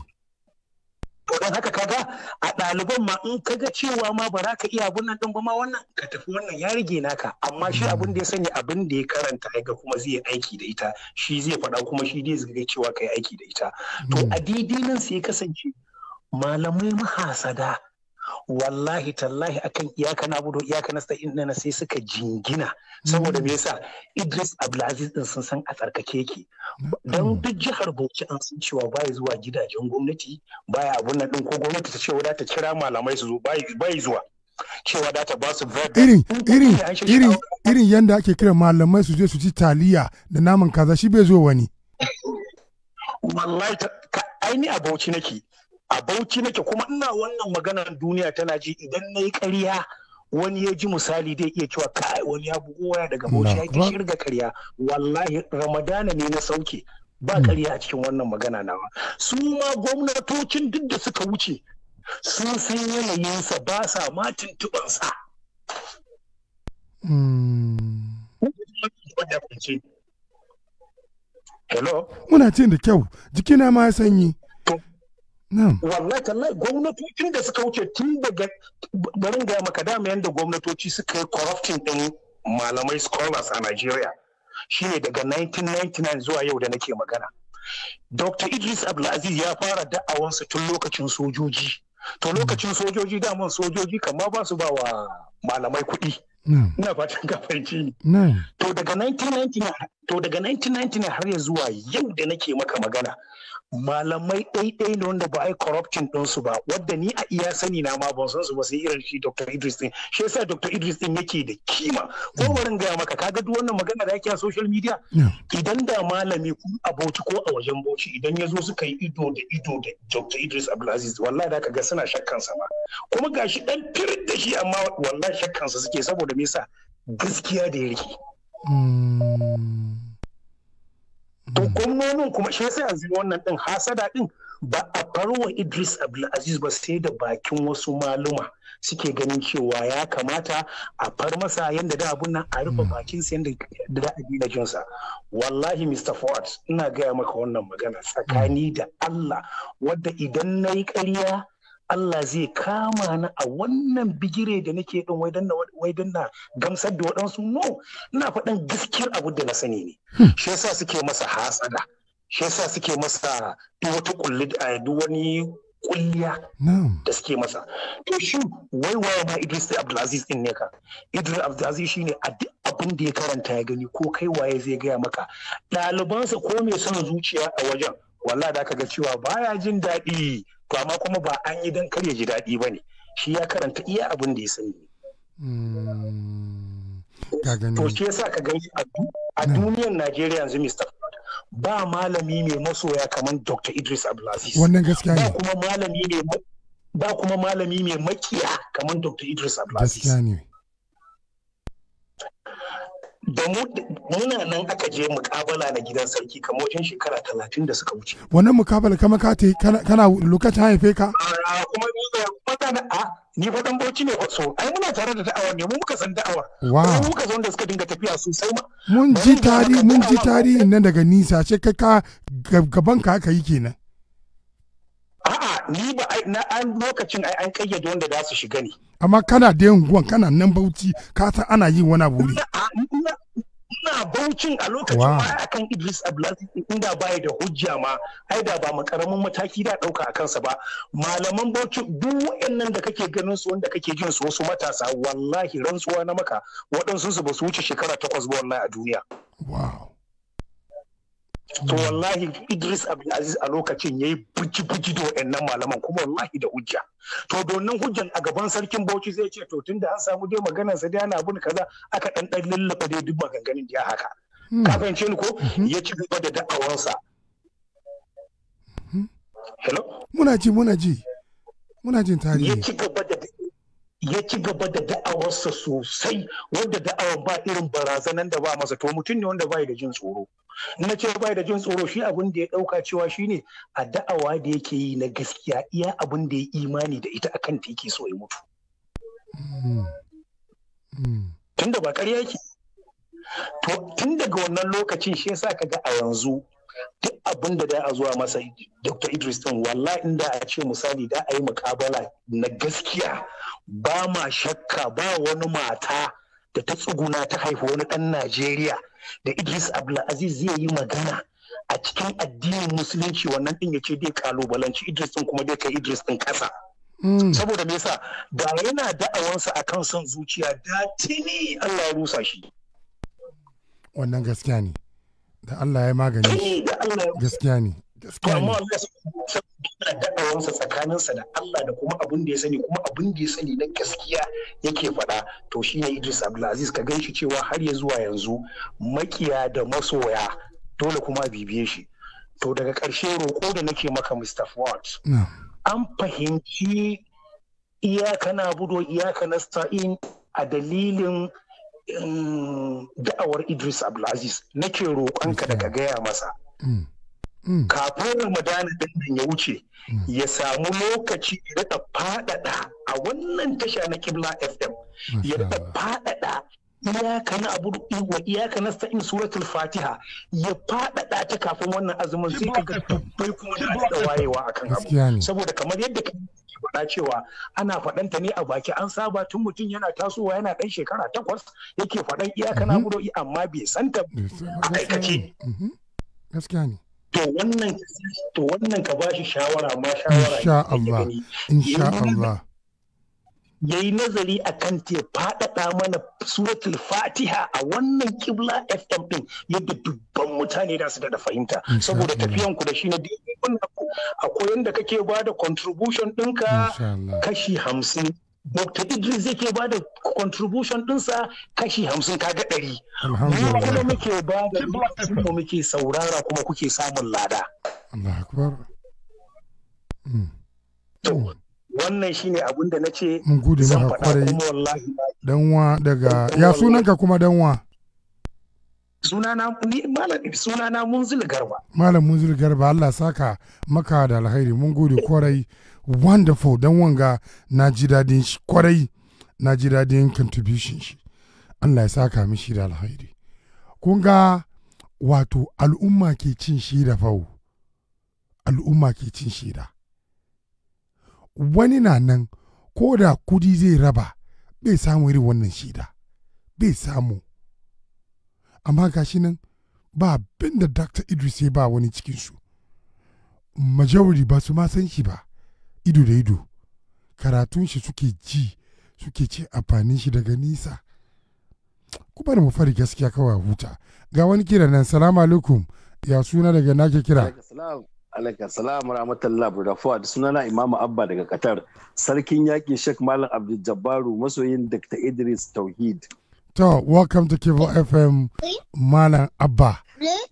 haka kaga a ɗaliban ma in kaga cewa ma ba za ka iya abun nan ɗin ba ma wannan ka tafi wannan ya rage naka amma shi abin da ya sanya abin da ya karanta ga kuma zai yi aiki da ita shi zai faɗa kuma shi dai zai cewa ka yi aiki da ita to hmm. a daidai nan sai kasance malamai mahasada wallahi tallahi akan iyaka na budo iyaka na sa'in na sai suka jingina saboda me yasa Idris Abdulaziz din sun san a tsarkake yake dan hmm. duk jihar Bauchi an san cewa bai zuwa gidajen gwamnati baya abun nan din ko gwamnati ta ce ta kira malamai su zo bai zuwa cewa da ta ba su irin irin irin irin yanda ake kira malamai su je su ci taliya da naman kaza shi bai zo wani wallahi ka aini a bauchi nake a bauchi nake kuma ina wannan maganar duniya tana ji idan na yi ƙarya wani ya ji misali dai iya cewa kai wani ya bugu waya daga bauchi ya ki shirga ƙarya wallahi ramadana ne na sauke ba hmm. ƙarya a cikin wannan magana nawa su ma gwamnatocin duk da suka wuce sun san yanayinsa ba sa ma tuntuɓansa. Hmm. Hello? Muna cin da kyau, jikina ma ya sanyi. wallahi kallai gwamnatocin da suka wuce tun daga barin gaya maka dama yadda gwamnatoci suka yi corrupting din malamai scholars a Najeriya shine daga 1999 zuwa yau da nake magana Dr. Idris Abdulaziz ya fara da'awansa tun lokacin sojoji to lokacin sojoji daman sojoji kama ba su ba wa malamai kuɗi ina fatan ka fahimci to daga 1999 har ya zuwa yau da nake maka magana malamai ɗaiɗai ne wanda ba a yi corruption ɗinsu ba wadda ni a iya sani na ma ban san su ba sai irin shi dr idris din shi yasa dr idris din yake da kima ko hmm. barin gaya maka kaga duk wannan magana da ake a social media idan da malami ku a bauchi ko a wajen bauchi idan ya zo suka yi ido da ido da dr idris abdulaziz wallahi da ga suna shakkan sa ma kuma gashi dan firin da shi amma wallahi shakkan sa suke saboda me yasa gaskiya da ya to gwamnonin kuma shi sai yanzu wannan ɗin hasada din ba a barwa Idris Abdulaziz ba sai da bakin wasu maluma suke ganin cewa ya kamata a far masa yadda da abun nan a rufe hmm. bakin sa yadda da a gina jinsa wallahi Mr. Ford ina gaya maka wannan magana tsakani da Allah wadda idan na yi ƙarya Allah zai kama na a wannan bigire da nake din wai don na gamsar da waɗansu no ina faɗin gaskiyar abu da na sani ne hmm. shi yasa suke masa hasada shi yasa suke masa duk wata kulli eh, duk wani kulliya da suke masa to shi wai waya ma Idris Abdulaziz din ne ka Idris Abdulaziz shine a duk abin da ya karanta ya gani ko kai waye zai gaya maka ɗalibansa ko mai son zuciya a wajen wallahi da aka ga cewa baya jin daɗi to amma kuma ba an yi don karya ji daɗi ba ne shi ya karanta iya abin da ya sani hmm. to shi yasa ka gani a hmm. duniyar najeriya yanzu mr ba malami mai masoya kamar dr idris abdulaziz wannan gaskiya ne ba kuma malami mai makiya kamar dr idris abdulaziz gaskiya ne da muna nan aka je mukabala na gidan sarki kamar wajen shekara talatin da suka wuce. Wannan mukabala kama ka te kana lokacin haife ka? Kuma ni kuma ta na a ni fa dan bauchi ne so ai muna tare da da'awar ne mu muka san da'awar. Wow. Mu muka san da suka dinga tafiya sosai ma. Mun ji tari mun ji tarihin nan daga nisa ce ka ka gaban ka aka yi kenan. A'a ni ba na an lokacin ai an kayyade wanda za su shiga ne. Amma kana da yin kana nan bauchi ka san ana yin wani abu ne. A'a suna baucin a lokacin baya akan Idris Abdulaziz inda baya da hujja ma ai da ba makaramin mataki da dauka a kansa ba malaman baucin duk wayannan da kake ganin su wanda kake jin su wasu matasa wallahi rantsuwa na maka waɗansu su ba su wuce shekara takwas ba wallahi a duniya wow to wallahi Idris Abdulaziz a lokacin yayi buci buji da waɗannan malaman kuma wallahi da hujja to domin hujjan a gaban sarkin Bauchi zai ce to tunda an samu dai maganar sa dai ana bin kaza aka dan dan lallafa dai duk maganganun da ya haka hmm. ka fahimce ni ko hmm. ya ci gaba da da'awarsa hmm. hello muna ji muna ji muna jin tare ya ci gaba da ya ci gaba da da'awarsa sosai wanda da'awar ba irin barazanan da ba masa to mutum ne wanda bai da jin tsoro na ce bai da jin tsoro shi abin da ya dauka cewa shine a da'awa da yake yi na gaskiya iya abin da ya imani da ita akan ta yake so ya mutu hmm. Hmm. da ba ƙarya ke to tun daga wannan lokacin shi ka ga a yanzu duk abin da da a zuwa masa dr idris din walla inda a ce misali da a yi mukabala na gaskiya ba ma shakka ba wani mata da ta tsuguna ta haifi wani ɗan najeriya da Idris Abdulaziz zai yi magana a cikin addinin musulunci wannan din ya ce dai kalubalanci Idris din kuma dai kai Idris din kasa. Hmm. Saboda me yasa da yana da'awansa a kan son zuciya da tini Allah ya rusa shi. Wannan gaskiya ne. Da Allah ya magani. Gaskiya ne. amma Allah su tsakaninsa da Allah da kuma abin da ya sani kuma abin da ya sani na gaskiya yake faɗa to shi ne Idris Abdulaziz ka gan shi cewa har ya zuwa yanzu makiya da masoya dole kuma a bibiye shi to daga ƙarshe roƙo da nake maka Mr. Ford an fahimci iyaka na budo iyaka na sa'in a dalilin um, da'awar Idris Abdulaziz nake roƙonka da ka gaya masa mm. Mm. kafin ramadana din nan ya wuce mm. ya samu lokaci ya daɗa fadada a wannan tasha na kibla fm ya daɗa fadada iyaka na abu wa iyaka na sa'in suratul fatiha ya fadada ta kafin wannan azumin sai ka ga dubbai kuma da da wayewa akan abu saboda kamar yadda ka faɗa cewa ana faɗanta ne a baki an saba tun mutum yana tasowa yana ɗan shekara takwas yake faɗan iyaka na mm-hmm. abu amma bai santa a aikace gaskiya ne mm-hmm. to wannan to wannan ka bashi shawara ma shawara insha Allah insha Allah yayi nazari akan ta faɗaɗa mana suratul fatiha a wannan kibla fm din yadda dubban mutane da su da fahimta saboda tafiyan ku da shi na akwai yanda kake ba da contribution ɗinka kashi hamsin Dr. Idris zai ke bada contribution dinsa kashi hamsin kaga ɗari. Alhamdulillah. muke ba da kuma muke saurara kuma kuke samun lada. Allah akbar. Hmm. Hmm. Wannan shi ne abin da na ce. Mun faɗa kuma wallahi Danwa daga ya sunanka kuma danwa. sunana ni malam sunana garba malam munzil garba Allah saka maka da alhairi, mun gode kwarai wonderful don wanga na ji dadin shi kwarai na ji dadin contribution shi Allah ya saka mishi da alhairi kun ga wato al'umma ke cin shi da fawo al'umma ke cin shi da wani na nan ko da kudi zai raba bai samu iri wannan shida bai samu amma gashi nan ba abin da dr idris ya ba wani cikinsu majority ba su ma san shi ba ido da ido karatun shi suke ji suke ci amfanin shi daga nisa kuma da mu fari gaskiya kawai huta ga wani kira nan salamu alaikum ya suna daga nake kira alaikar Salamu rahmatullah brother da sunana imamu abba daga qatar sarkin yaƙi sheikh malam abdul jabbaru masoyin dr idris tauhid to welcome to kibo fm malam abba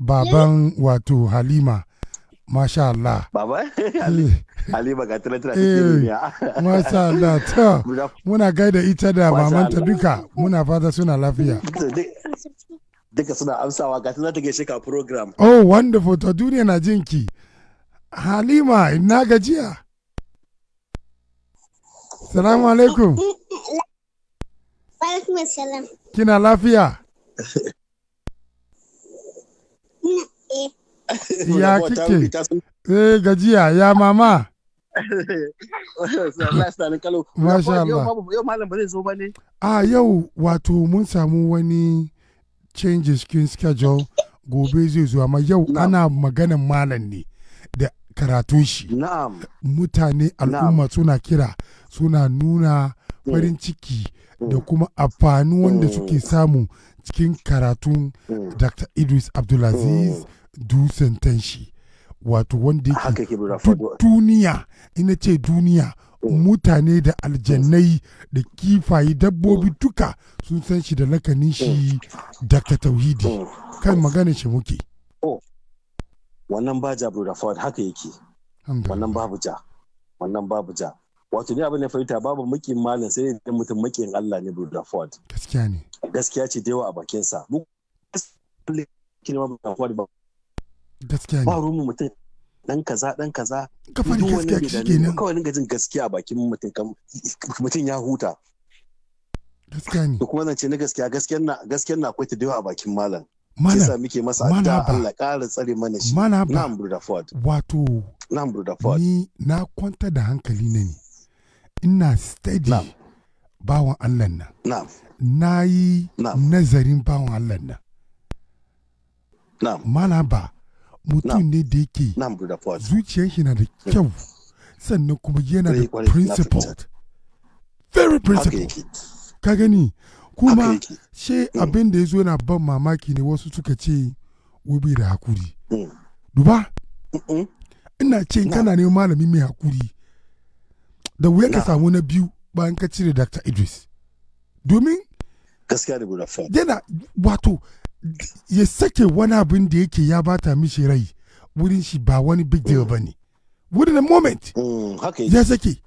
baban wato halima Masha Allah. Baba, Ali eh. baga tana tana eh. duniya. Masha Allah, ta muna gaida ita da mamanta duka muna fata suna lafiya. Duka suna amsawa ga tana ta shika program. Oh, wonderful, to duniya na jinki. Halima, ina gajiya. Salamu alaikum. Alaikum salam. Kina lafiya? Eh. ya kike eh gajiya ya mama Masha Allah. Yau malam ba zo ba ne? yau wato mun samu wani changes kin schedule gobe zai zo amma yau ana maganan malam ne da karatun shi. Mutane al'umma suna kira suna nuna mm. farin ciki mm. da kuma amfani wanda mm. suke samu cikin karatun Dr. Idris Abdulaziz. dusan tanshi wato wanda yake duniya ina ce duniya mm. mutane da aljannai da kifaye dabbobi mm. duka sun san shi da lakanin shi mm. daga tauhidi kan magana shi muke oh. wannan ba ja da fawad haka yake wannan babu ja wannan babu ja wato ni abin da fahimta babu makin malam sai da mutum makin Allah ne da fawad gaskiya ne gaskiya ce da yawa a bakinsa mu ne da ba ba ruwan mutum dan kaza dan kaza ka faɗi gaskiya kawai dinga jin gaskiya a bakin mutum mutum ya huta gaskiya ne da kuma zance na gaskiya gaskiyar na gaskiyar na akwai ta da yawa a bakin malam malam sai muke masa addu'a Allah ƙara tsare mana shi malam na Bruda Ford wato na Bruda Ford ni na kwanta da hankali na ne ina steady bawan Allah nan na na yi nazarin bawan Allah nan malam ba mutum ne da yake zuciyar shi na da hmm. kyau sannan kuma yana da principled very principled ka gani kuma she hmm. abin da ya zo yana ban mamaki ne wasu suka ce wubi da hakuri hmm. duba ina ce kana ne malami mai hakuri da wuya ka samu na biyu bayan ka cire dr idris domin gaskiya da yana wato ya sake wani abin da yake ya bata mishi rai wurin shi ba wani big deal mm. ba ne wurin moment mm, ya sake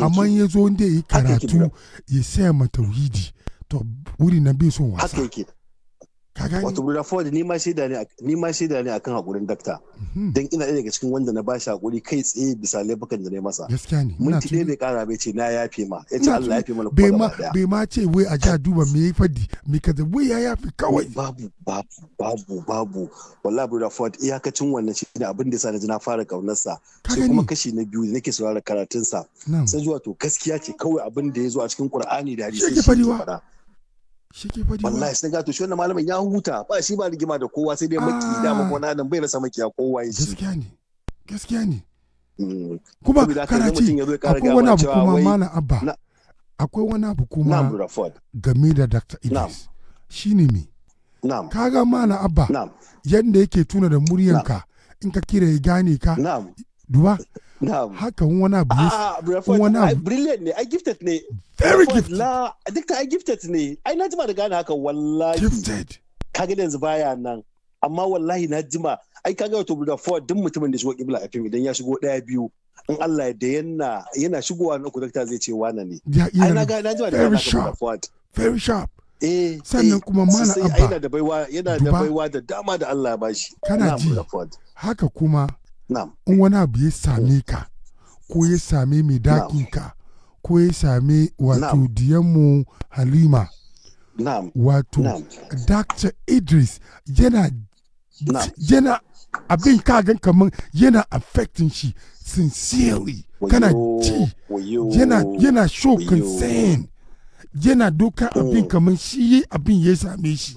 amma ya zo inda ya karatu ya saya ma tauhidi to wurin na bai son wasa wato Bruda Ford ni ma shaida ne ni ma shaida ne akan hakurin dakta mhm. don ina ɗaya daga cikin wanda na bashi hakuri kai tsaye bisa laifukan da na masa gaskiya ne minti ɗaya bai kara bai ce na yafe ma ya ce Allah yafe mana kuma ma bai ma ce wai a ja duba me ya fadi me da wai ya fi kawai babu babu babu babu wallahi Bruda Ford iyakacin wannan shi ne abin da sa na ji na fara kaunarsa sai kuma kashi na biyu da nake saurara karatunsa sai zuwa to gaskiya ce kawai abin da ya zo a cikin Qur'ani da hadisi shi ke Shike fadi wallahi sai ga to shi wannan malamin ya huta ba shi ba rigima da kowa sai dai maki ah. da mako na dan bai rasa maki a kowa shi gaskiya ne gaskiya ne mm. kuma karaci akwai wani abu kuma mana abba akwai wani abu kuma game da Dr. Idris shine me kaga mana abba yadda yake tuna da muryanka in ka kira ya gane ka duba hakan wani abu ah, ah, wani abu brilliant ne i gifted ne very gifted la dukkan i gifted ne ai na jima da gane haka wallahi gifted Ka kaga yanzu baya nan amma wallahi na jima ai kaga wato Ford duk mutumin da shigo kibla a fim idan ya shigo daya biyu in Allah ya yana yana shigowa na uku dakta zai ce wana ne ai na ga na jima da gane haka Rashford very sharp eh sannan eh, kuma mana abba yana da yana da baiwa da dama da Allah ya bashi kana ji haka kuma in wani abu ya same mm. ka ko ya same mai dakin ka ko ya same wato diyanmu halima wato dr idris yana yana abin kagan kamar yana affecting shi sincerely kana ji yana yana show concern yana doka mm. abin kamar shi abin ya same shi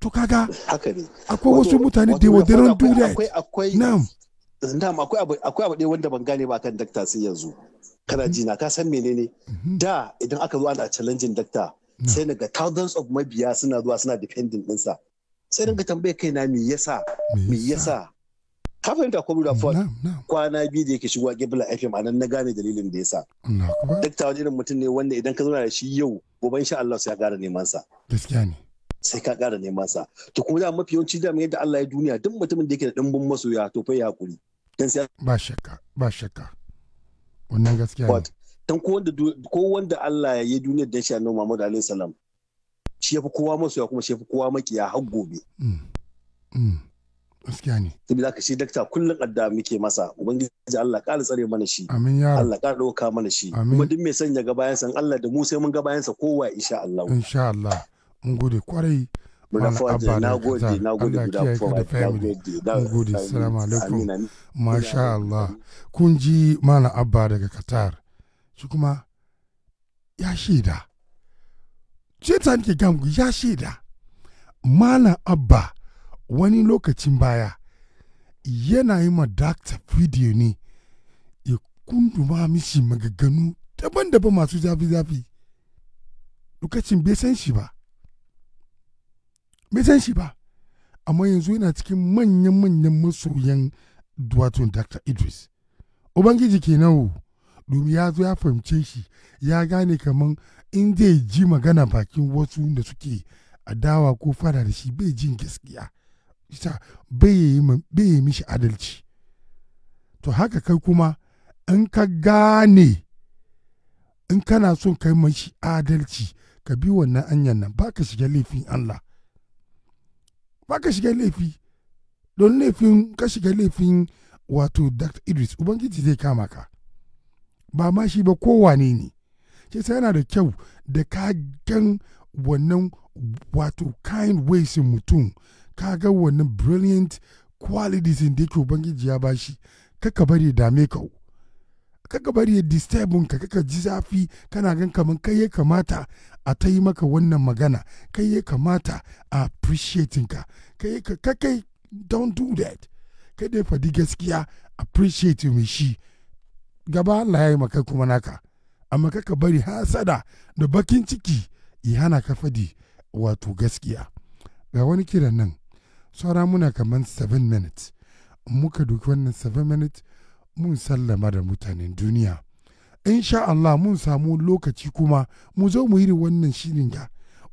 to kaga akwai wasu mutane da wadannan da akwai do zindam akwai abu ɗaya wanda ban gane ba kan dakta sai yanzu kana mhm. ji na ka san menene mhm. da idan aka zo ana challenging dakta mhm. sai naga thousands of mabiya suna zuwa suna defending ɗinsa sai dinga tambaye kaina me yasa me yasa ka fahimta ko da ford kwana biyu da yake shigowa gibla fm anan na gane dalilin da yasa dakta wani irin mutum ne wanda idan ka zauna da shi yau gobe insha Allah sai ya ƙara neman sa gaskiya ne sai ka ƙara neman sa to kuma da mafi yawanci da yadda Allah ya duniya duk mutumin da yake da dimbin masoya to fa ya hakuri ba shakka ba shakka wannan gaskiya ne dan ko wanda ko wanda Allah ya yi duniya da shi annabi Muhammad alaihi salam shi yafi kowa masoya kuma shi yafi kowa makiya har gobe mm, mm. gaskiya ne bi zaka shi dakta kullun adda muke masa ubangiji Allah ƙara tsare mana shi amin ya Allah ƙara dauka mana shi kuma duk mai sanya gabayansa Allah da mu sai mun gabayansa sa kowa insha Allah insha Allah mun gode kwarai Muna fadi na gode na gode guda forward na gode. Na gode salamu Masha Allah. Kun ji mana abba daga Qatar. Shi kuma ya shaida. Ce ta nake gamu ya shaida. Malam abba wani lokacin baya yana yi ma dakta video ne ya kunduma mishi magaganu daban-daban masu zafi-zafi lokacin bai san shi ba bai san shi ba amma yanzu yana cikin manyan-manyan masoyan duwatun dr idris ubangiji ke nawo domin ya zo ya fahimce shi ya gane kaman in zai ji magana bakin wasu da suke adawa ko fara da shi bai jin gaskiya ita bai yi mishi adalci to haka kai kuma in ka gane in kana son kai mashi adalci ka bi wannan anyan nan baka shiga laifin allah ba ka shiga laifi don laifin ka shiga laifin wato dr idris ubangiji zai kama ka ba ma shi ba kowane ne ce sai yana da kyau da ka gan wannan wato kind ways mutum ka ga wannan brilliant qualities da yake ubangiji ya bashi kaka bari dame ka kaka bari ya disturbin ka kaka ji zafi kana gan kaman kai ya kamata a ta yi maka wannan magana kai ya kamata a appreciating ka kai ka kai don't do that kai dai fadi gaskiya appreciate mai shi gaba Allah ya yi maka kuma naka amma kaka bari hasada da bakin ciki ya hana ka fadi wato gaskiya ga wani kiran nan saura muna kaman 7 minutes muka duki wannan 7 minutes mun sallama da mutanen duniya insha Allah mun samu lokaci kuma mu zo mu yi wannan shirin ga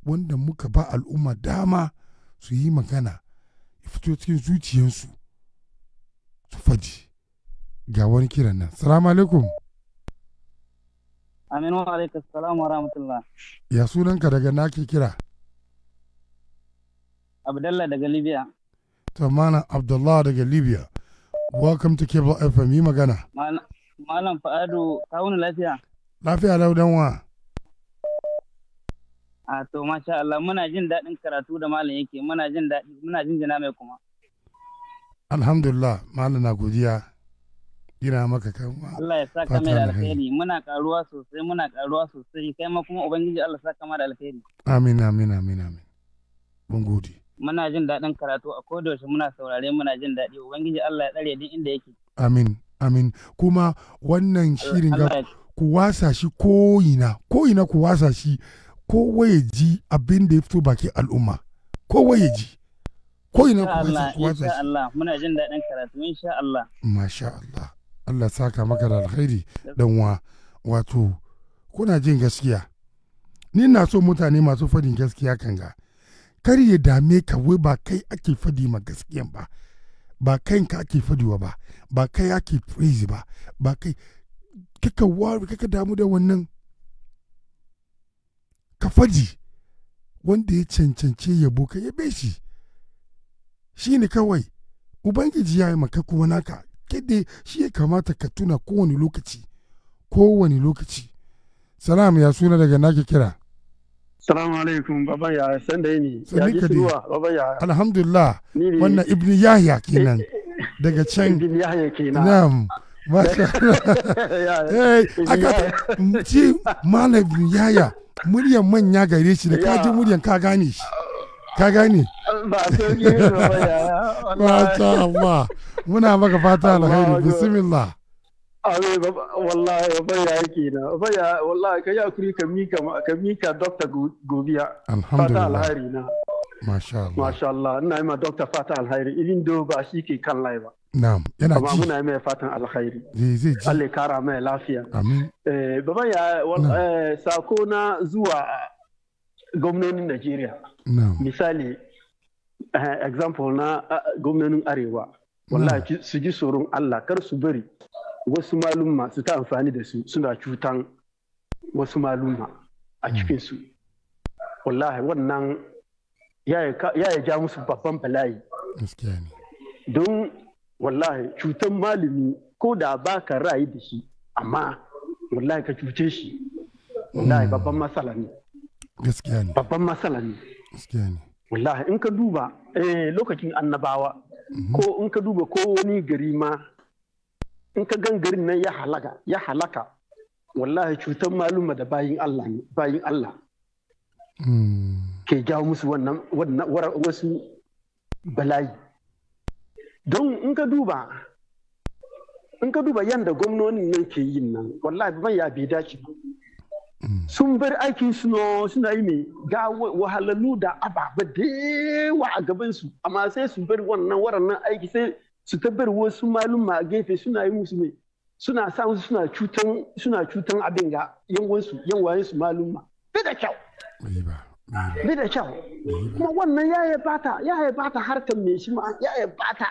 wanda muka ba al'umma dama su yi magana ya fito cikin zuciyarsu su faji ga wani kiran nan salamu alaikum aminu alaikum salamu wa rahmatullah ya sunanka daga nake kira abdallah daga libya Tamanan abdullah daga libya Welcome to Cable FM, yi magana. Malam Fa'adu, kawun lafiya? Lafiya laudan wa. A to, masha Allah, muna jin daɗin karatu da malam yake, muna jin daɗi, muna jin jina mai kuma. Alhamdulillah, malam na godiya. Ina maka kan Allah ya saka mai da alheri, muna karuwa sosai, muna karuwa sosai, kai ma kuma Ubangiji Allah saka mai da alheri. Amin, amin, amin, amin. Mun gode. muna jin daɗin karatu a kodayaushe muna saurare muna jin daɗi ubangiji Allah ya tsare duk inda yake amin amin kuma wannan shirin ga ku wasa shi ko ina ku wasa shi ko ya ji abin da ya fito baki al'umma ko waye ji ko ina ku wasa shi Allah muna jin daɗin karatu insha Allah masha Allah Allah saka maka da alkhairi dan wa wato kuna jin gaskiya ni na so mutane masu fadin gaskiya kan ga kar ya dame ka wai ba kai ake fadi ma gaskiyan ba ba kanka ake fadiwa ba ba kai ake praise ba ba kai kaka wari kaka damu da wannan ka faji wanda ya cancance yabo ka yabe shi shi ne kawai ubangiji ya yi maka kuma naka kede shi ya kamata ka tuna kowane lokaci kowane lokaci salam ya suna daga nake kira Salamu alaikum baban ya san da ni Ya ji shiruwa baban ya. Alhamdulillah. Wannan Ibn Yahya kenan. Eh, eh, eh. Daga can. Ibn Yahya kenan. Na'am. Masha Allah. Aka ci Malam Ibn Yahya muryan manya gare shi da kaji muryan ka gane shi. Ka gane? Ba sauki ba ya. Masha Allah. Muna maka fata alheri. Bismillah. Abe wallahi ya yake na ya wallahi kai hakuri ka mika ka mika Dr. Gobiya. Fata alhairi na. Masha Allah. Masha Allah ina yi ma Dr. Fata alhairi irin do ba shi ke kan lai ba. Na'am yana ji. Amma muna yi mai fatan alhairi. Zai ji. Allah kara mai lafiya. Amin. Eh baba ya eh, sako na zuwa gwamnonin Najeriya. Na'am. Misali eh, example na eh, gwamnonin Arewa. Wallahi su ji tsoron Allah kar su bari wasu malumma su ta amfani da su suna cutan wasu malumma a cikinsu wallahi wannan ya ja musu babban bala'i don wallahi cutan malumi ko da ba ka ra'ayi da shi amma wallahi ka cuce shi wallahi mm. babban matsala ne gaskiya ne babban matsala ne gaskiya ne wallahi in ka duba eh, lokacin annabawa mm-hmm. ko in ka duba ko wani gari ma in ka gan garin nan ya halaka ya halaka wallahi cutar maluma da bayin Allah ne bayin Allah hmm. ke jawo musu wannan wasu bala'i don in ka duba in ka duba yadda gwamnonin nan ke yin nan wallahi ban ya bi dace hmm. sun bar aikin suna suna yi ne ga wahalalu da ababa da yawa a gabansu amma sai su bar wannan nan aiki sai su tabbar wasu maluma a gefe suna yi musu mai suna sa musu suna cutan suna cutan abin ga yan yanwayen su maluma bi da kyau bi da kyau kuma wannan ya ya bata ya ya bata harkar me shi ma ya ya bata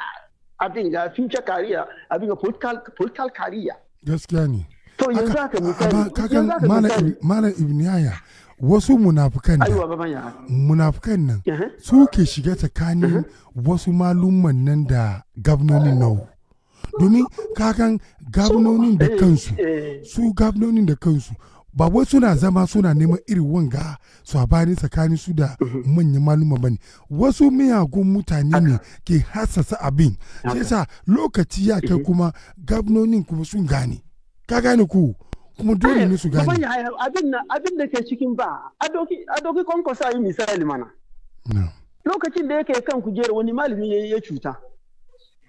abin ga future career abin ga political political career gaskiya ne to yanzu haka misali yanzu haka misali malam ibn yaya wasu munafukan da munafukan nan su ke shiga tsakanin wasu malumman nan da gabnonin nau domin kakan gabnonin da eh, kansu eh. su gabnonin da kansu ba wai suna zama suna neman irin wanga su bani tsakanin su da manyan maluma bane wasu miyagun mutane ne ke hassasa abin sai sa lokaci ya kai kuma gabnonin kuma sun gane ka gane ku kuma dole ne su eh, gane eh, abin da ke cikin ba a doki kwankwasa yi misali mana lokacin da yake kan kujera wani malami ya cuta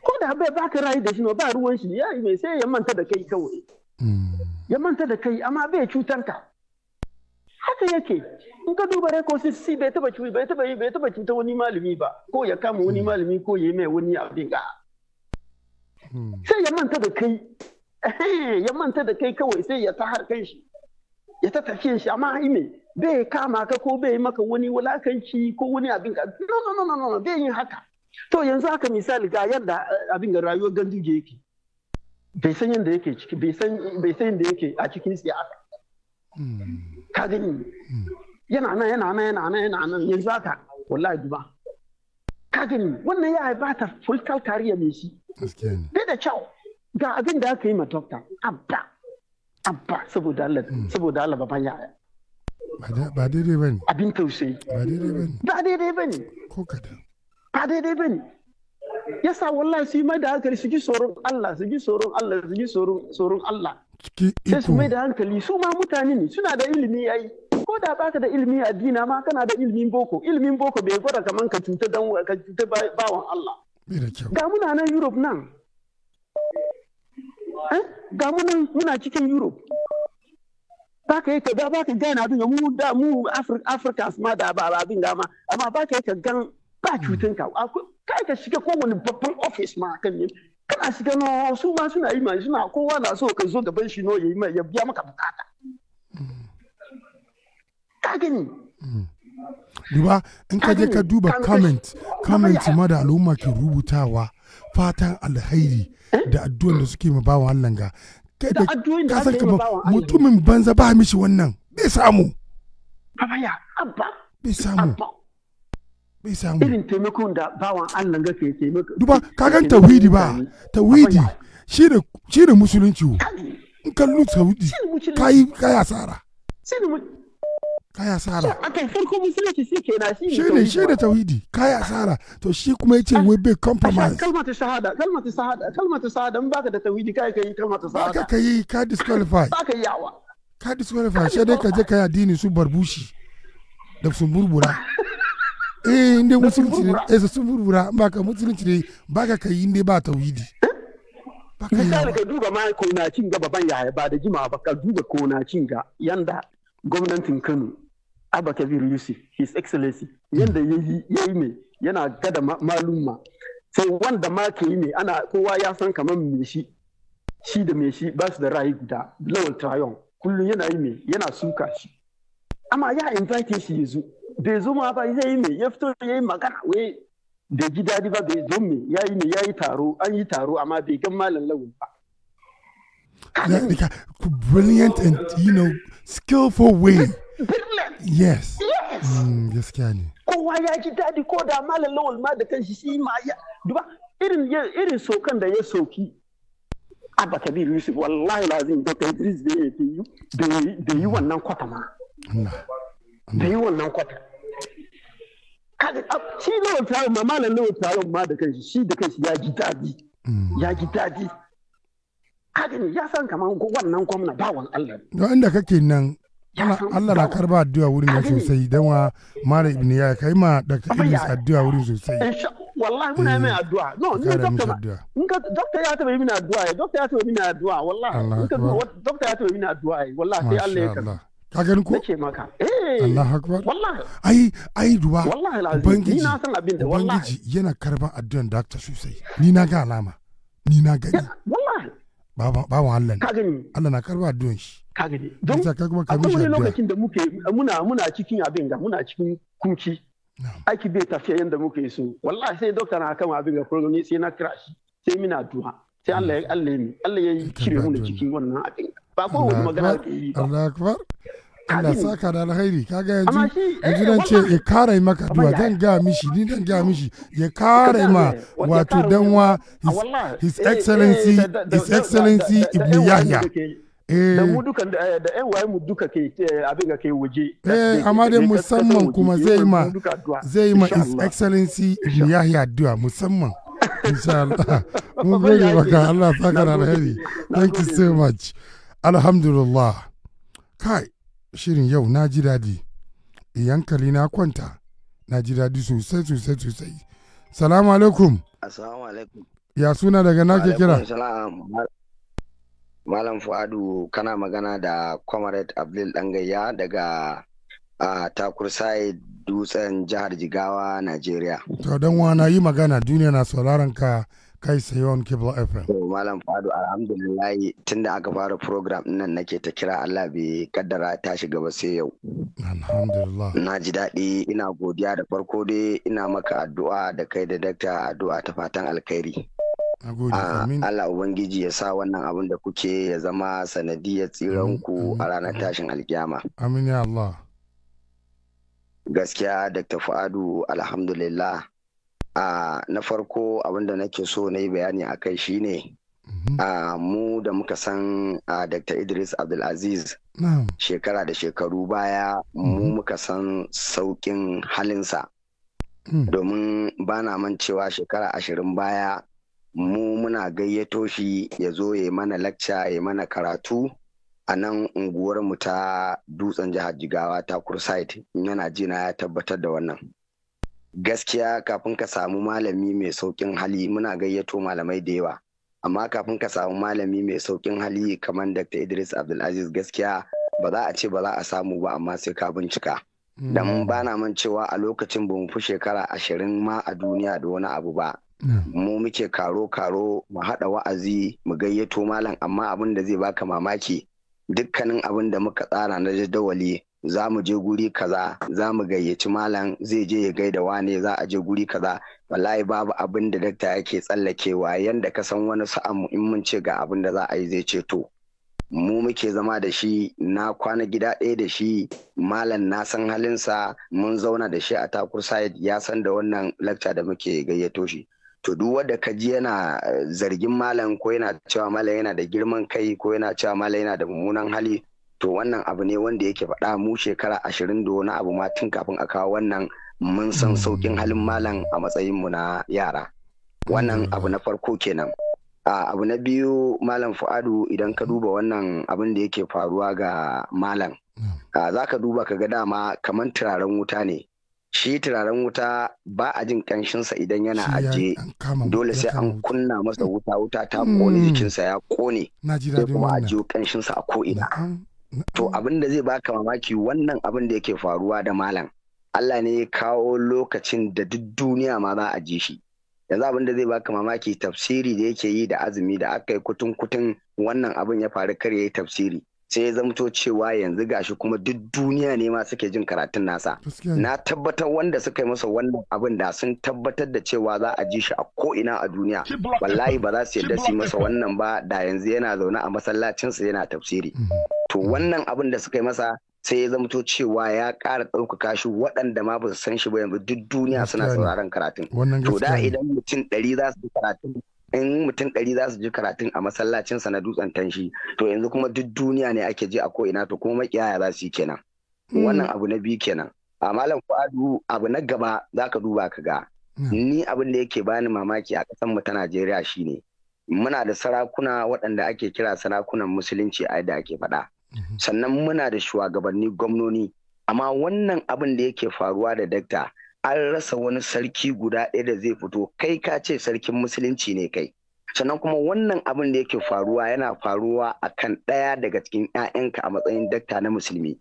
ko da bai baka rayu da shi ba ruwan shi ya yi mai sai ya manta da kai kawai mm. ya manta da kai amma bai cutar ka haka yake in ka duba rekosis si bai taba cuta bai taba bai taba cuta wani malami ba ko ya kama wani mm. malami ko ya yi mai wani abin ga mm. sai ya manta da kai Eh, ya manta da kai kawai sai ya ta harkan shi ya ta tafiye shi amma me bai kama ka ko bai maka wani wulakanci ko wani abin ka no no no no no bai yin haka to yanzu haka misali ga yadda eh, abin ga rayuwar ganduje yake bai san yadda yake ciki bai san bai san yadda yake a cikin siyasa hmm. ka gani hmm. yana nan yana nan yana nan yana nan yanzu haka wallahi duba ka gani wannan ya ta full kariya ne shi dai da kyau ga abin da aka yi ma dokta abba abba saboda Allah hmm. saboda Allah baban yaya ba daidai ba ne abin tausayi ba daidai ba ne ba daidai ba ne ko kada ba daidai ba ne ya sa wallahi su yi mai da hankali su ji tsoron Allah su ji tsoron Allah su ji tsoron Allah sai su mai da hankali su ma mutane ne suna da ilimi yayi ko da baka da ilimi addina ma kana da ilimin boko ilimin boko bai gwada kaman ka cuta dan ka cuta bawan Allah ga muna nan Europe nan Eh? ga mu muna cikin europe ba ka yi ka ga ba ka gane abin mu da mu africans ma da ba abin dama amma ba ka yi ka gan ba cutan ka kai ka shiga ko wani babban office ma kan ne kana shiga na su ma suna yi ma suna kowa na so ka zo gaban shi no ya yi ya biya maka bukata ka gani duba in ka je ka duba comment comment ma da al'umma ke rubutawa fatan alhairi da addu'an da suke ma bawan Allah ga kai da addu'an ka san kamar mutumin banza ba mishi wannan bai samu babaya abba bai samu bai samu irin taimakon da bawan Allah ga ke taimaka duba ka gan tawhidi ba tawhidi shine shine musulunci in kallu tawhidi kai kai asara kaya asara shi ne shi ne shi ne tauhidi kai asara to shi kuma ce wai bai ah, ah, compromise ah, kalmatu shahada kalmatu shahada kalmatu shahada in baka da tauhidi kaya kayi kalmatu shahada baka yi ka disqualify baka yawa ka disqualify shi dai ka je kai addini su barbushi da sun eh, burbura eh inda musulunci ne eh sun burbura in baka musulunci ne baka kai inda ba tauhidi eh? ba ka duba ma cin ga ban yaya ba da jima ba ka duba cin ga yanda gwamnatin kano Abba Kabir Yusuf, His Excellency, yadda ya yi ne yana gada maluma. Sai wanda ma ke yi ne ana kowa ya san kamar me shi, shi da me shi ba su da ra'ayi guda, Lawal Trayon, kullum yana yi mai yana suka shi. Amma ya invite shi ya zo, ya zo ma ba ya yi mai ya fito ya yi magana wai da ji daɗi ba bai zo me ya yi ne ya yi taro an yi taro amma bai gan malam Lawal ba. brilliant and you know skillful way Yes. Yes. Mm, gaskiya ne. Kowa ya ji daɗi ko da malam lawal ma da kanshi shi ma ya duba irin irin sokan da ya soki Abba Kabir Yusuf wallahi lazim Dr. Idris da ya yi da yi wannan kwata ma. Da yi wannan kwata. Ah, shi lawal taron ma malam lawal taron ma da kanshi shi da shi ya ji daɗi. Mm. Ya ji daɗi. Kaga ya san kamar wannan gwamna bawan Allah. Wanda kake nan Allah na karba addu'a wurin ya sosai don wa mara ibn ya kai ma Dr. Idris addu'a wurin sosai. Eh, wallahi muna mai eh, addu'a. No, ni doctor doctor ya taba yi mini addu'a eh, doctor ya taba yi mini addu'a wallahi. ya taba yi mini addu'a wallahi sai Allah ya karba. Ka gani ko? maka. Eh. Allah akbar. Wallahi. Ai ai Wallahi lazim. Ni na san abin da Ubangiji yana karban addu'an doctor sosai. Ni na ga alama. Ni na gani. Wallahi. Allah ne. Ka Allah na karba addu'an shi. kaga don akwai wani lokacin da muke muna muna cikin abin ga muna cikin kunci aiki bai tafiya yadda muke so wallahi sai dokta na kama abin ga program ne sai na crash sai mina duha sai Allah ya Allah ya Allah ya cire mu da cikin wannan abin ba ko wani magana da yi ba Allah akbar Allah saka da ka ga yanzu yanzu nan ce ya kare maka duwa zan ga mishi ni zan ga mishi ya kare ma wato danwa his excellency his excellency ibn yahya da eh. mu dukan da yan waye mu duka ke eh, abin ga kai waje eh amma dai musamman kuma zai ma zai ma his excellency Yahya Adua musamman insha Allah Mu gode maka Allah saka da alheri thank you so much alhamdulillah kai shirin yau na ji dadi yankali eh, na kwanta na ji dadi sosai sosai sosai salamu alaikum assalamu alaikum ya suna daga nake kira Alaikum Malam Fuadu kana magana da Comrade Abdul gayya daga a takursai dutsen jihar Jigawa, Najeriya. To dan wana yi magana duniya na sauraron ka kai sayon Kibla FM. To Malam Fuadu alhamdulillah tunda aka fara program nan nake ta kira Allah bai kaddara ta shiga ba sai yau. Alhamdulillah. Na ji daɗi ina godiya da farko dai ina maka addu'a da kai da dakta addu'a ta fatan alkhairi. Ah, la Ubangiji ya sa wannan abin da kuke ya zama sanadiyar tsiranku a ranar tashin alkiyama. Amin ya Allah. Gaskiya Dr. Fu'adu alhamdulillah. Uh, na farko abin da nake so na yi bayani a kai shine ne. Mhm. Ah, mu da muka san a Dr. Idris Abdulaziz shekara da shekaru baya mu mhm. muka san saukin halinsa. Hmm. domin ba na cewa shekara ashirin baya mu muna gayyato shi ya zo ya mana lacca ya mana karatu a nan unguwar mu ta dutsen jihar jigawa ta kursaid yana jina ya tabbatar da wannan gaskiya kafin ka samu malami mai sauƙin hali muna gayyato malamai da yawa amma kafin ka samu malami mai sauƙin hali kamar dr idris abdulaziz gaskiya ba za a ce ba za a samu ba amma sai ka bincika don hmm. ba na man cewa a lokacin ba mu fi shekara ashirin ma a duniya da wani abu ba mu muke karo-karo mu haɗa wa'azi mu gayyato malam amma abin da zai baka mamaki dukkanin abin da muka tsara na jadawali za mu je guri kaza za mu gayyaci malam zai je ya gaida wane za a je guri kaza wallahi babu abin da dakta yake tsallakewa yanda ka san wani sa'an in mun ce ga abin da za a yi zai ce to mu muke zama da shi na kwana gida ɗaya da shi malam na san halinsa mun zauna da shi a takur side ya san da wannan lakta da muke gayyato shi to duk wanda ka ji yana eh, zargin malam ko yana cewa malam yana da girman kai ko yana cewa malam yana da mummunan hali to wannan abu ne wanda yake faɗa mu shekara ashirin da wani abu ma tun kafin a kawo wannan mun san mm. saukin halin malam a matsayin mu na yara wannan mm. abu na farko kenan abu na biyu malam fu'adu idan ka duba wannan abin da yake faruwa ga malam mm. za ka duba ka ga dama kamar turaren wuta ne shi turaren wuta ba a jin ƙanshinsa idan yana aje dole sai an kunna masa wuta wuta ta kone hmm. jikinsa ya kone sai kuma a jiyo kanshinsa a ko'ina to abin da zai baka mamaki wannan abin da yake faruwa da malam Allah ne ya kawo lokacin da duk duniya ma za a je shi yanzu abin da zai baka mamaki tafsiri da yake yi da azumi da aka yi kutun kutun wannan abin ya faru kar ya yi tafsiri sai ya zamto cewa yanzu gashi kuma duk duniya ne ma suke jin karatun nasa na tabbatar wanda suka yi masa wannan abin da sun tabbatar da cewa za a ji shi a ko'ina a duniya wallahi ba za su yarda su yi masa wannan ba da yanzu yana zaune a masallacin masallacinsa yana tafsiri mhm. to wannan abin da suka yi masa sai ya zamto cewa ya ƙara ɗaukaka shi waɗanda ma ba su san shi ba yanzu duk duniya suna sauraron karatun to da idan mutum ɗari za su karatun in mutum ɗari za su ji karatun a masallacin sa na dutsen tanshi to yanzu kuma duk duniya ne ake ji a ko ina to kuma makiyaya za su yi kenan hmm. wannan abu na biyu kenan a malam fadu abu na gaba za ka duba ka ga hmm. ni abin da yake bani mamaki a kasan mu ta Najeriya shine muna da sarakuna waɗanda ake kira sarakunan musulunci a yadda ake faɗa hmm. sannan muna da shugabanni gwamnoni amma wannan abin da yake faruwa da dakta an rasa wani sarki guda ɗaya da zai fito kai ka ce sarkin musulunci ne kai sannan kuma wannan abin da yake faruwa yana faruwa a kan ɗaya daga cikin 'ya'yanka a matsayin dakta na musulmi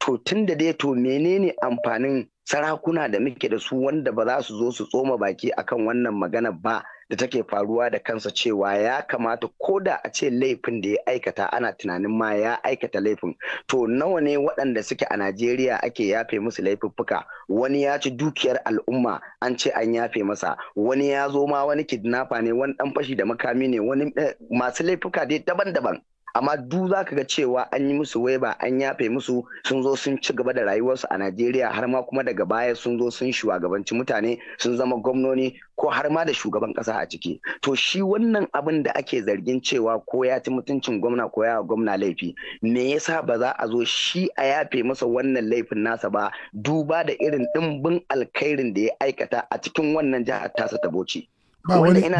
to tun da dai to menene amfanin sarakuna da muke da su wanda ba za su zo su tsoma baki akan wannan magana ba da take faruwa da kansa cewa ya kamata ko da a ce laifin da ya aikata ana tunanin ma ya aikata laifin to nawa ne waɗanda suke a najeriya ake yafe musu laifuffuka wani ya ci dukiyar al'umma an ce an yafe masa wani ya zo ma wani kidnapper ne wani dan fashi da makami ne wani eh, masu laifuka dai daban-daban amma du za ka ga cewa an yi musu waiba an yafe musu sun zo sun ci gaba da rayuwarsu a najeriya har ma kuma daga baya sun zo sun shugabanci mutane sun zama gwamnoni ko har ma da shugaban kasa a ciki to shi wannan abin da ake zargin cewa ko ya ci mutuncin gwamna ko ya gwamna laifi me yasa ba za a zo shi a yafe masa wannan laifin nasa ba duba da irin dimbin alkhairin da ya aikata a cikin wannan jihar tasa ta bauchi ba wani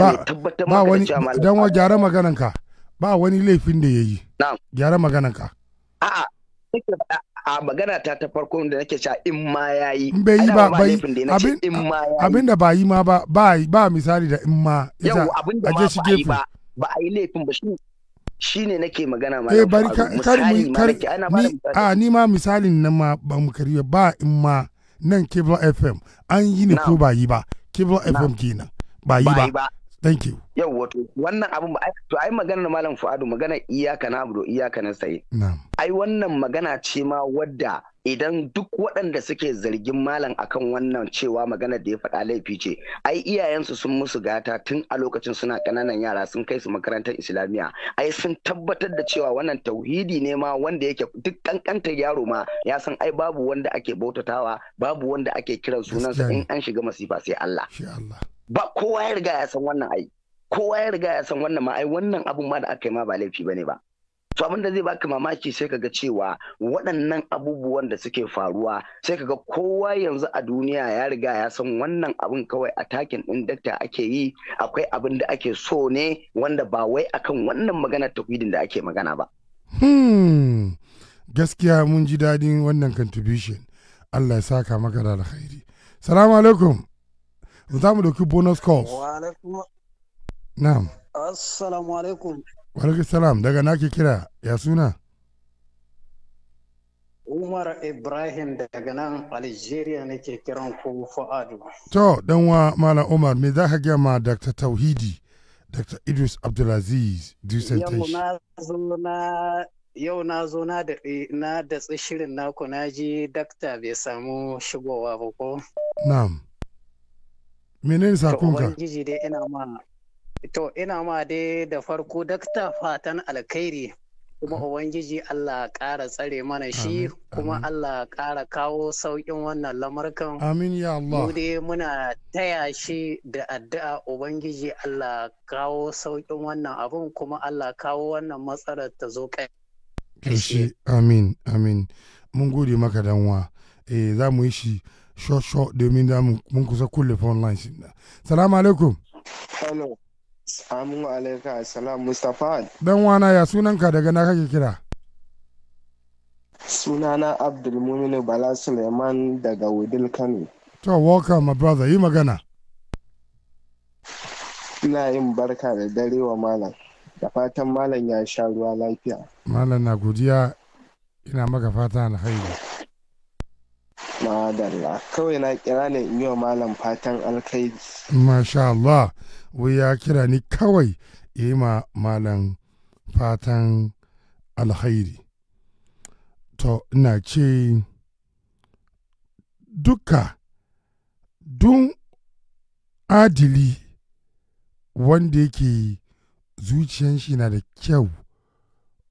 ba wani dan wa gyara maganan ka ba wani laifin da ya yi gyara maganan ka a'a a magana ta ta farko da nake cewa in ma ya yi bai yi ba yi abin da ba yi ma ba ba misali da in ma yau a je ma ba yi ba ba a yi laifin ba shi ne nake magana ma eh bari kar mu kar a ni ma misalin nan ma ba mu kariya ba in ma nan cable fm an yi ne ko ba yi ba cable fm kenan ba yi ba Thank you. Yau wato wannan abin ba to ai maganar Malam Fuadu magana iyaka na abu iyaka na Na'am. Ai wannan magana ce ma wadda idan duk waɗanda suke zargin malam akan wannan cewa magana da ya faɗa laifi ce ai iyayensu sun musu gata tun a lokacin suna ƙananan yara sun kai su makarantar islamiyya ai sun tabbatar da cewa wannan tauhidi ne ma wanda yake duk ƙanƙantar yaro ma ya san ai babu wanda ake bautatawa babu wanda ake kiran sunansa in an shiga masifa sai Allah. ba kowa ya riga ya san wannan ai kowa ya riga ya san wannan ma ai wannan abun ma da aka yi ma ba laifi bane ba to abin da zai baka mamaki sai kaga cewa waɗannan abubuwan da suke faruwa sai kaga kowa yanzu a duniya ya riga ya san wannan abun kawai a takin ɗin dakta ake yi akwai abin da ake so ne wanda ba wai akan wannan maganar takwidin da ake magana ba. Hmm. gaskiya mun ji daɗin wannan contribution Allah ya saka maka da alkhairi. Salamu alaikum. za mu dauki bonus calls na'am assalamu alaikum wa salam daga nake kira ya suna Umar Ibrahim daga nan Algeria nake kiran ku fa'adu. To, dan wa Malam Umar, me za ka gaya ma Dr. Tauhidi, Dr. Idris Abdulaziz, Dusantashi? Yau na zo na da da shirin naku na ji dakta bai samu shigowa ba ko? Na'am. menene sakonka ubangiji dai ina ma to ina ma dai da farko dakta fatan alkhairi kuma ubangiji Allah ƙara tsare mana shi kuma Allah ƙara kawo sauƙin wannan lamarkan amin ya Allah mu dai muna taya shi da addu'a ubangiji Allah kawo sauƙin wannan abun kuma Allah kawo wannan matsalar ta zo kai amin amin mun gode maka danwa eh za mu yi shi shosho domin da mun kusa kulle phone line shi salamu alaikum hello salamu alaikum salam mustapha dan wana ya sunan ka daga na kake kira sunana abdulmuminu bala suleiman daga wudil kano to welcome my brother yi magana ina yin barka da dare wa malam da fatan malam ya sha ruwa lafiya malam na godiya ina maka fata alhairi madalla kawai na kira ne in yi wa malam fatan alkhairi masha Allah wai ya kira ni kawai yi ma malam fatan alkhairi to ina ce duka dun adili wanda yake zuciyan shi na da kyau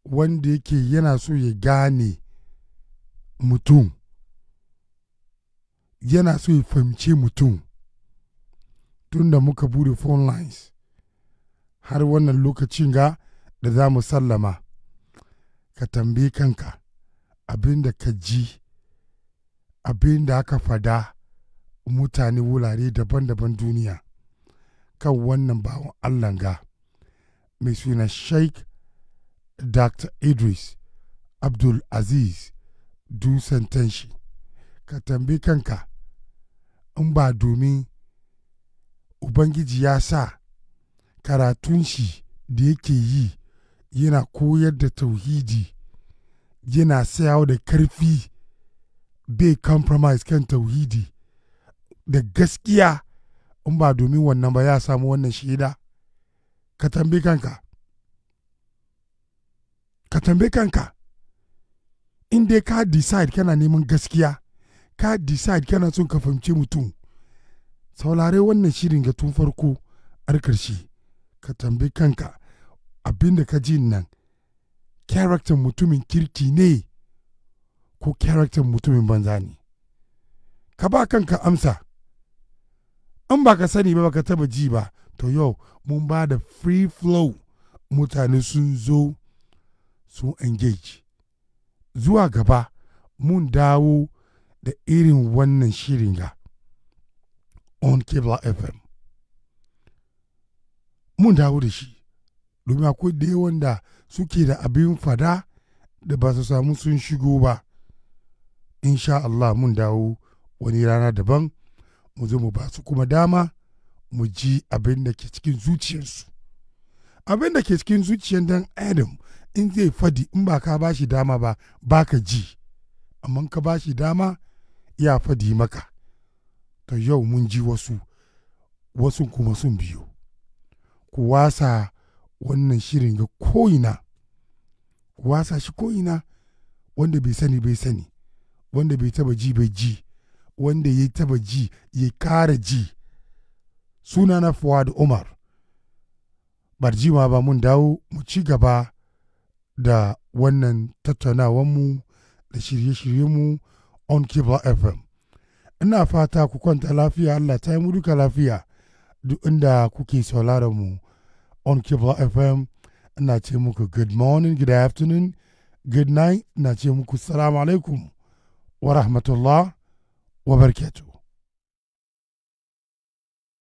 wanda yake yana so ya gane mutum yana so ya fahimce mutum tun da muka bude phone lines har wannan lokacin ga da za mu sallama ka tambaye kanka abin da ka ji abin da aka fada mutane wurare daban-daban duniya kan wannan bawan allah ga mai suna sheikh dr idris abdul aziz dusan tanshi ka tambi kanka in ba domin Ubangiji ya sa karatun shi da yake yi yana koyar da tauhidi yana sayawa da karfi bai compromise kan tauhidi da gaskiya in ba domin wannan ba ya samu wannan shaida ka tambi kanka ka tambi kanka in dai ka decide kana neman gaskiya ka decide kana son ka fahimci mutum saurare wannan shirin ga tun farko har karshe ka tambi kanka abin da ka ji nan character mutumin kirki ne ko character mutumin banza ne ka ba kanka amsa an ba ka sani ba ka taba ji ba to yau mun ba da free flow mutane sun zo sun engage zuwa gaba mun dawo da irin wannan shirin ga on Kebla FM. Mun dawo da shi, domin akwai da wanda suke da abin fada da ba su samu sun shigo ba. Insha Allah mun dawo wani rana daban, mu zo mu ba su kuma dama mu ji abin da ke cikin zuciyarsu. Abin da ke cikin zuciyar dan Adam in zai fadi in ba ka ba shi dama ba, ba ka ji. Amma ka ba shi dama, ya fadi maka to yau mun ji wasu wasu kuma sun biyo ku wasa wannan shirin ga ko'ina ku wasa shi ko'ina wanda bai sani bai sani wanda bai taba ji bai ji wanda ya taba ji ya kara ji suna na fuad umar barjima ba mun dawo mu ci gaba da wannan tattaunawanmu da shirye-shiryenmu on Kiba FM. Ina fata ku kwanta lafiya Allah ta yi mu duka lafiya duk inda kuke sauraron mu on Kiba FM. Ina ce muku good morning, good afternoon, good night. Ina ce muku salamu alaikum wa rahmatullah wa barkatu.